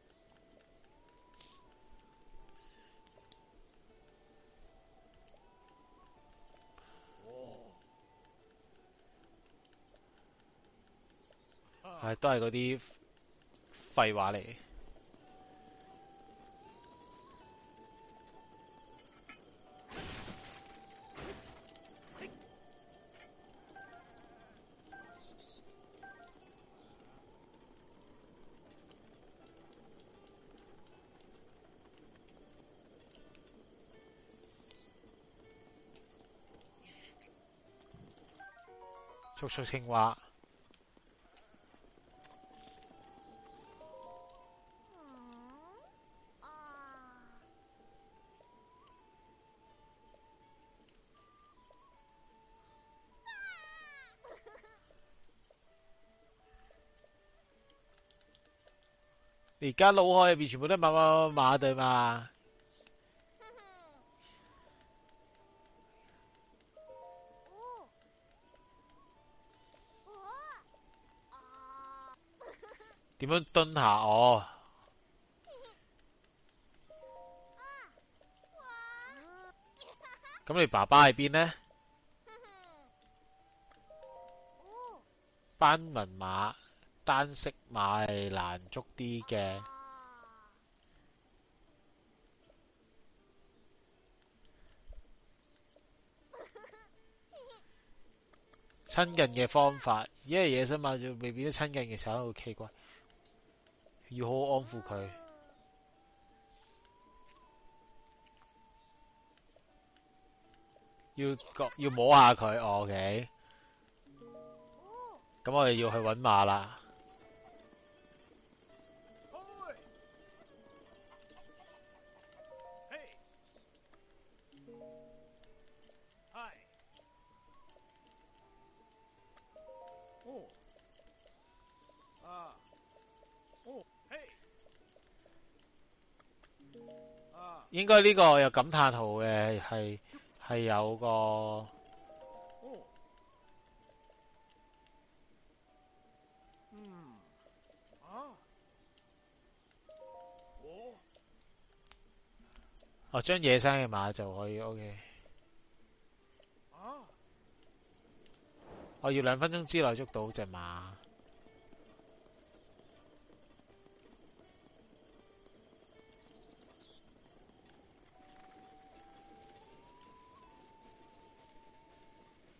係都係嗰啲廢話嚟。速速清話，而家腦海入面全部都係馬馬馬對嘛？點樣蹲下我？咁你爸爸喺邊呢？斑紋馬單色馬係難捉啲嘅。親近嘅方法，依個嘢啫嘛，仲未變得親近嘅時候，好奇怪。要好好安撫佢，要要摸下佢，OK，咁我哋要去搵馬啦。應該呢個有感嘆號嘅係，係有個，嗯啊，哦，哦，將野生嘅馬就可以，OK，哦，我要兩分鐘之內捉到隻馬。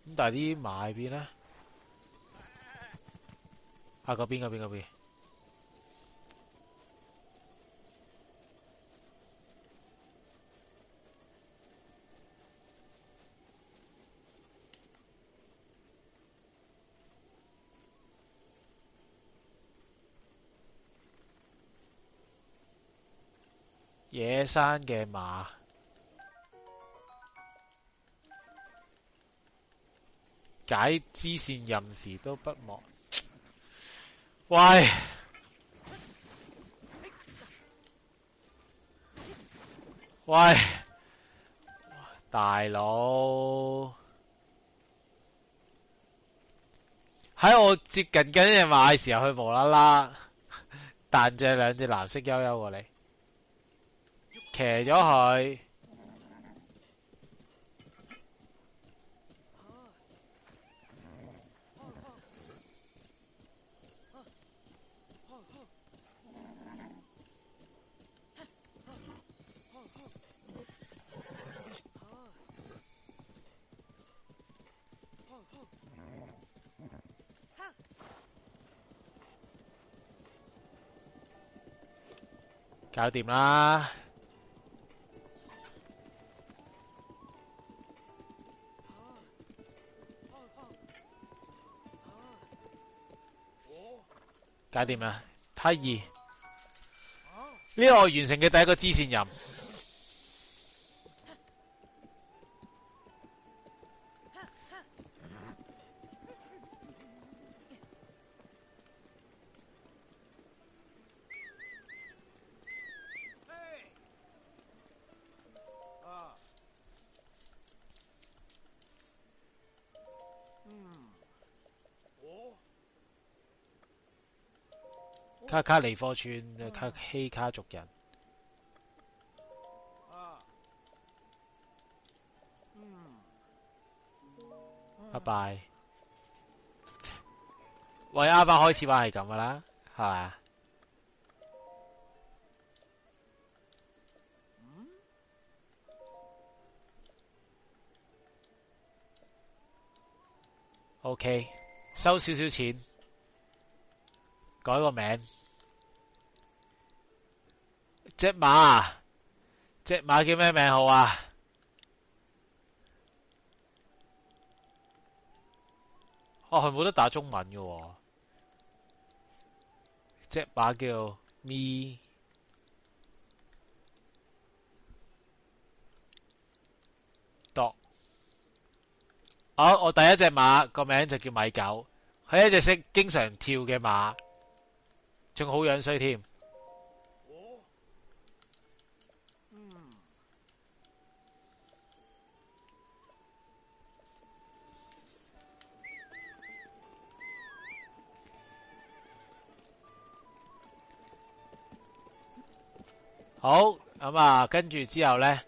咁但係啲馬喺邊咧？啊個邊個邊個邊？邊邊邊野生嘅馬。解支線任時都不忘。喂，喂，大佬，喺我接近緊隻馬嘅時候，佢無啦啦彈隻兩隻藍色悠悠過嚟，騎咗佢。搞掂啦！搞掂啦！梯二呢度完成嘅第一個支線任務。卡卡尼科村嘅卡希卡族人。拜拜。喂，阿爸開始話係咁噶啦，係嘛？O K，收少少錢，改個名。隻馬啊，隻馬叫咩名好啊？哦，係冇得打中文嘅、啊。隻馬叫咪度。好、哦，我第一隻馬個名就叫米狗，係一隻識經常跳嘅馬，仲好樣衰添。好咁、嗯、啊！跟住之後咧，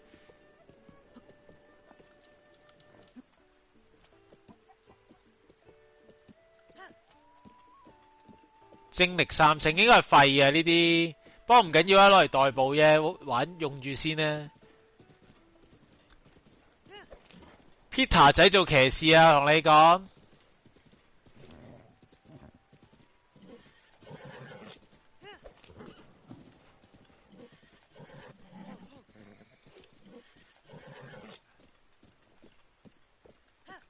精力三成應該係廢啊！呢啲不過唔緊要啊，攞嚟代步啫，玩用住先呢，Peter 仔做騎士啊，同你講。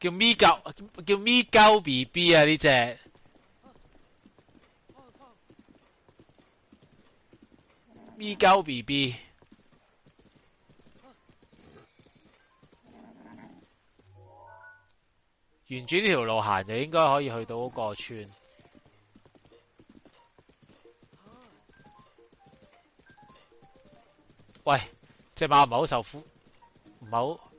叫咪鳩，叫咪鳩 B B 啊！呢隻咪鳩 B B，沿住呢條路行就應該可以去到嗰個村。喂，隻馬唔係好受苦，唔好。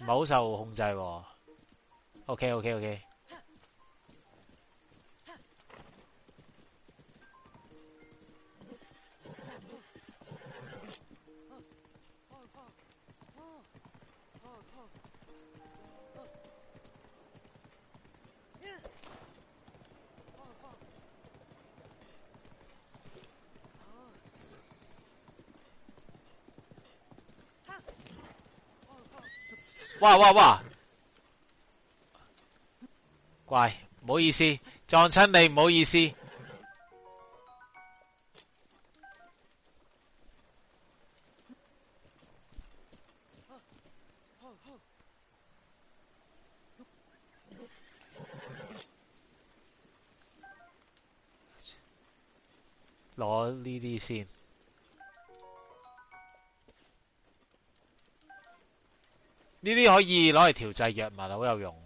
唔係好受控制喎。OK OK OK。哇哇哇！怪，唔好意思，撞親你，唔好意思，攞呢啲先。呢啲可以攞嚟調製藥物，好有用。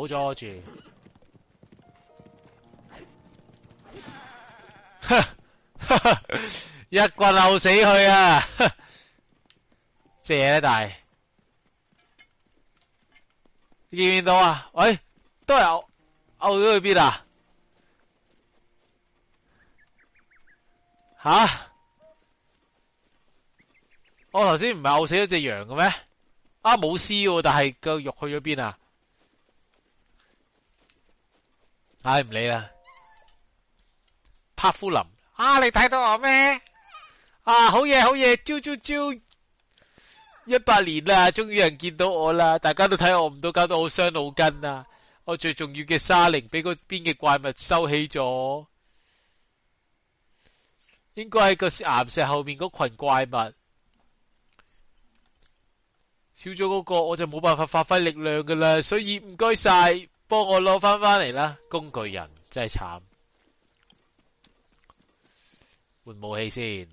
冇咗住，一棍扭死佢啊！謝大，見到啊？喂，都有，我搵去邊啊？吓？我頭先唔係毆死咗隻羊嘅咩？啊，冇屍，但係個肉去咗邊啊？唉，唔理啦。帕夫林，啊，你睇到我咩？啊，好嘢，好嘢，招招招！一百年啦，終於有人見到我啦！大家都睇我唔到，搞到我好傷腦筋啦。我最重要嘅沙靈俾嗰邊嘅怪物收起咗，應該係個岩石後面嗰群怪物。少咗嗰個，我就冇辦法發揮力量噶啦，所以唔該晒。幫我攞翻翻嚟啦，工具人真係慘。換武器先，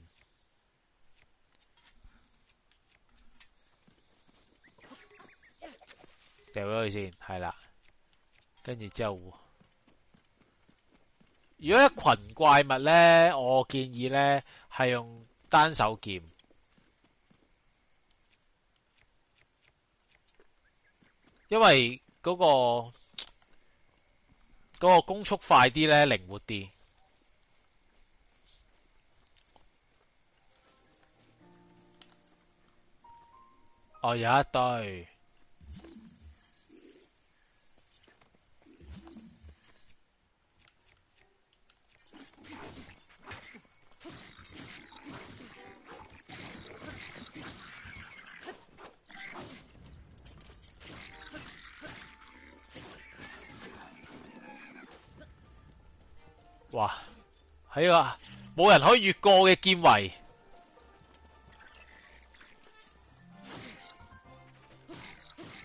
掉咗佢先，係啦。跟住之後，如果一群怪物咧，我建議咧係用單手劍，因為嗰個。嗰個攻速快啲咧，靈活啲哦，我有一對。哇！係啊，冇人可以越過嘅見圍，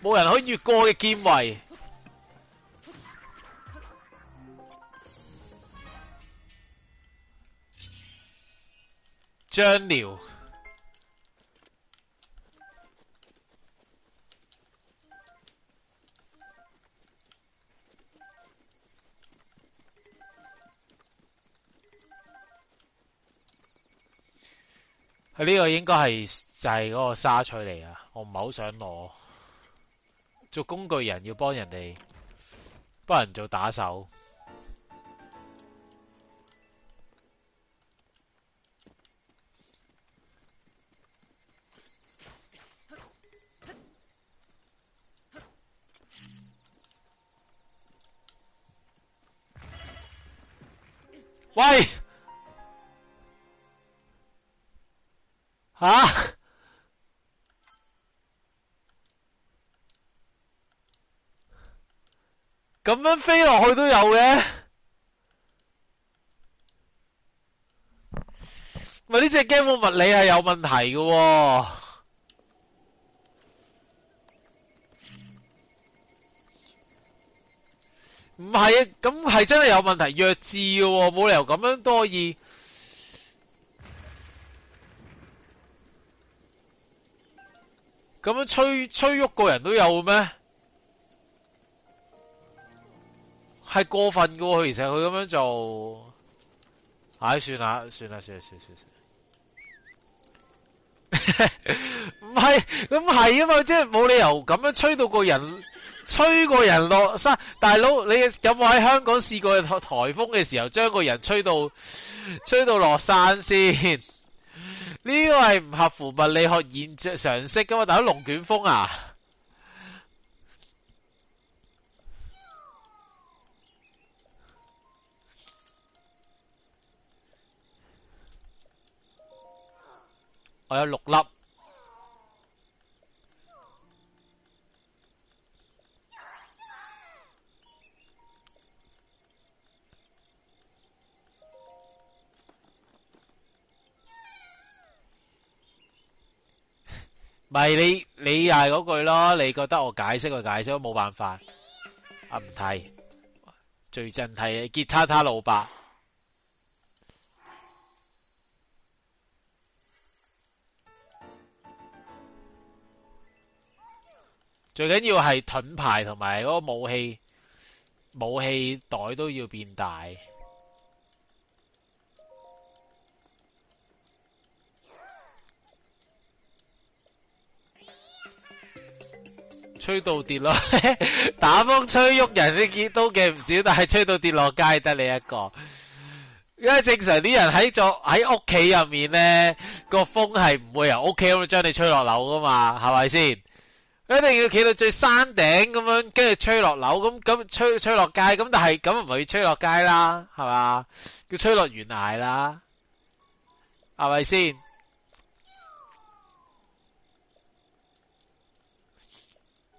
冇人可以越過嘅見圍，張遼。呢個應該係就係、是、嗰個沙錘嚟啊！我唔係好想攞做工具人，要幫人哋幫人做打手。喂！啊，咁樣飛落去都有嘅。咪呢隻 game 物理係有問題嘅，唔係啊，咁係真係有問題，弱智嘅，冇理由咁樣都可以。咁樣吹吹喐個人都有咩？係過分噶喎！其實佢咁樣做，唉，算啦，算啦，算啦，算算算，唔 係，咁係啊嘛，即係冇理由咁樣吹到個人，吹個人落山。大佬，你有冇喺香港試過台台風嘅時候，將個人吹到吹到落山先？呢個係唔合乎物理學現常識噶嘛？大佬，龍捲風啊，我有六粒。唔係，你你又係嗰句咯，你覺得我解釋個解釋都冇辦法。啊唔提，最近係吉他他老伯，最緊要係盾牌同埋嗰個武器武器袋都要變大。吹到跌咯， 打風吹喐人你見到嘅唔少，但係吹到跌落街得你一個。因為正常啲人喺作喺屋企入面咧，個風係唔會由屋企咁樣將你吹落樓噶嘛，係咪先？一定要企到最山頂咁樣，跟住吹落樓，咁咁吹吹落街，咁但係咁唔係吹落街啦，係嘛？叫吹落懸崖啦，係咪先？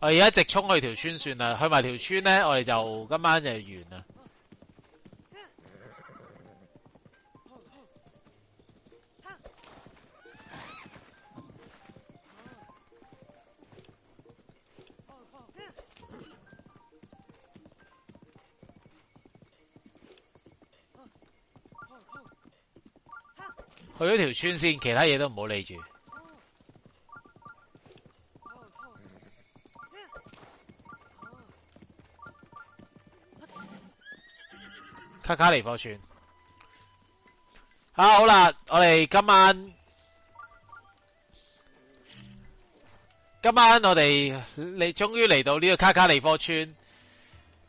我而家直衝去條村算啦，去埋條村咧，我哋就今晚就完啦。去咗條村先，其他嘢都唔好理住。卡卡利科村，啊，好啦，我哋今晚，今晚我哋，你終於嚟到呢個卡卡利科村，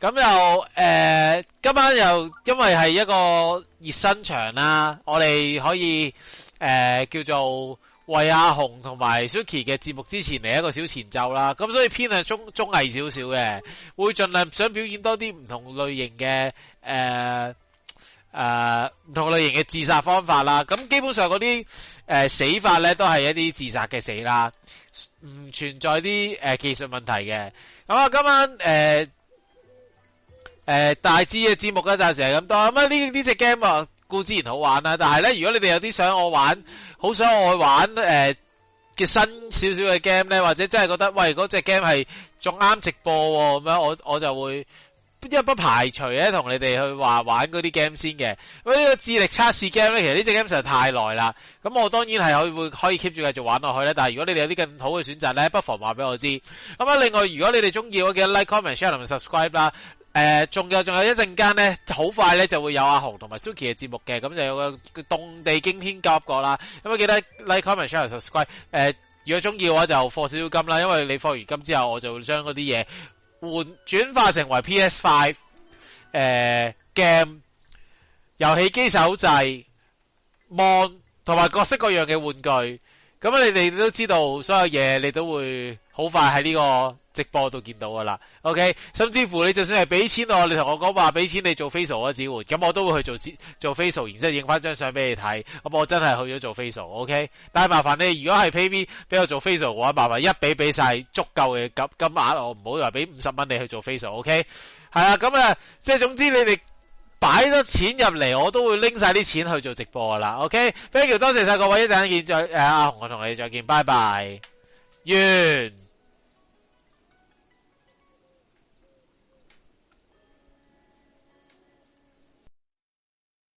咁又誒，今晚又因為係一個熱身場啦，我哋可以誒、呃、叫做。為阿雄同埋 Suki 嘅節目之前嚟一個小前奏啦，咁所以偏係中中藝少少嘅，會盡量想表演多啲唔同類型嘅誒誒唔同類型嘅自殺方法啦。咁基本上嗰啲誒死法咧都係一啲自殺嘅死啦，唔存在啲誒、呃、技術問題嘅。咁啊，今晚誒誒、呃呃、大致嘅節目咧暫時係咁多。咁啊呢呢隻 game 啊～固之然好玩啦，但係咧，如果你哋有啲想我玩，好想我去玩誒嘅、呃、新少少嘅 game 咧，或者真係覺得喂嗰隻 game 係仲啱直播咁、啊、樣，我我就會一不排除咧同你哋去話玩嗰啲 game 先嘅。咁呢個智力測試 game 咧，其實呢隻 game 實在太耐啦，咁我當然係會可以 keep 住繼續玩落去呢。但係如果你哋有啲更好嘅選擇咧，不妨話俾我知。咁啊，另外如果你哋中意我嘅，like、comment、share 同埋 subscribe 啦。誒，仲、呃、有仲有一陣間咧，好快咧就會有阿紅同埋 Suki 嘅節目嘅，咁就有個動地驚天夾過啦。咁記得 like comment share subscribe、呃。誒，如果中意嘅話就課少少金啦，因為你課完金之後，我就會將嗰啲嘢換轉化成為 PS Five，誒、呃、，game 遊戲機手掣，mon 同埋各式各樣嘅玩具。咁你哋都知道，所有嘢你都會好快喺呢個直播度見到噶啦。OK，甚至乎你就算係俾錢我，你同我講話俾錢你做 facial，只會咁我都會去做做 facial，然之後影翻張相俾你睇。咁我真係去咗做 facial。OK，但係麻煩你，如果係 pay me 俾我做 facial 嘅話，麻煩一俾俾晒足夠嘅金金額，我唔好話俾五十蚊你去做 facial，OK？OK，係啊，咁啊，即係總之你哋。擺咗錢入嚟，我都會拎晒啲錢去做直播啦。OK，非常多謝晒各位一陣間見，再。誒，阿、啊、洪我同你再見，拜拜，完。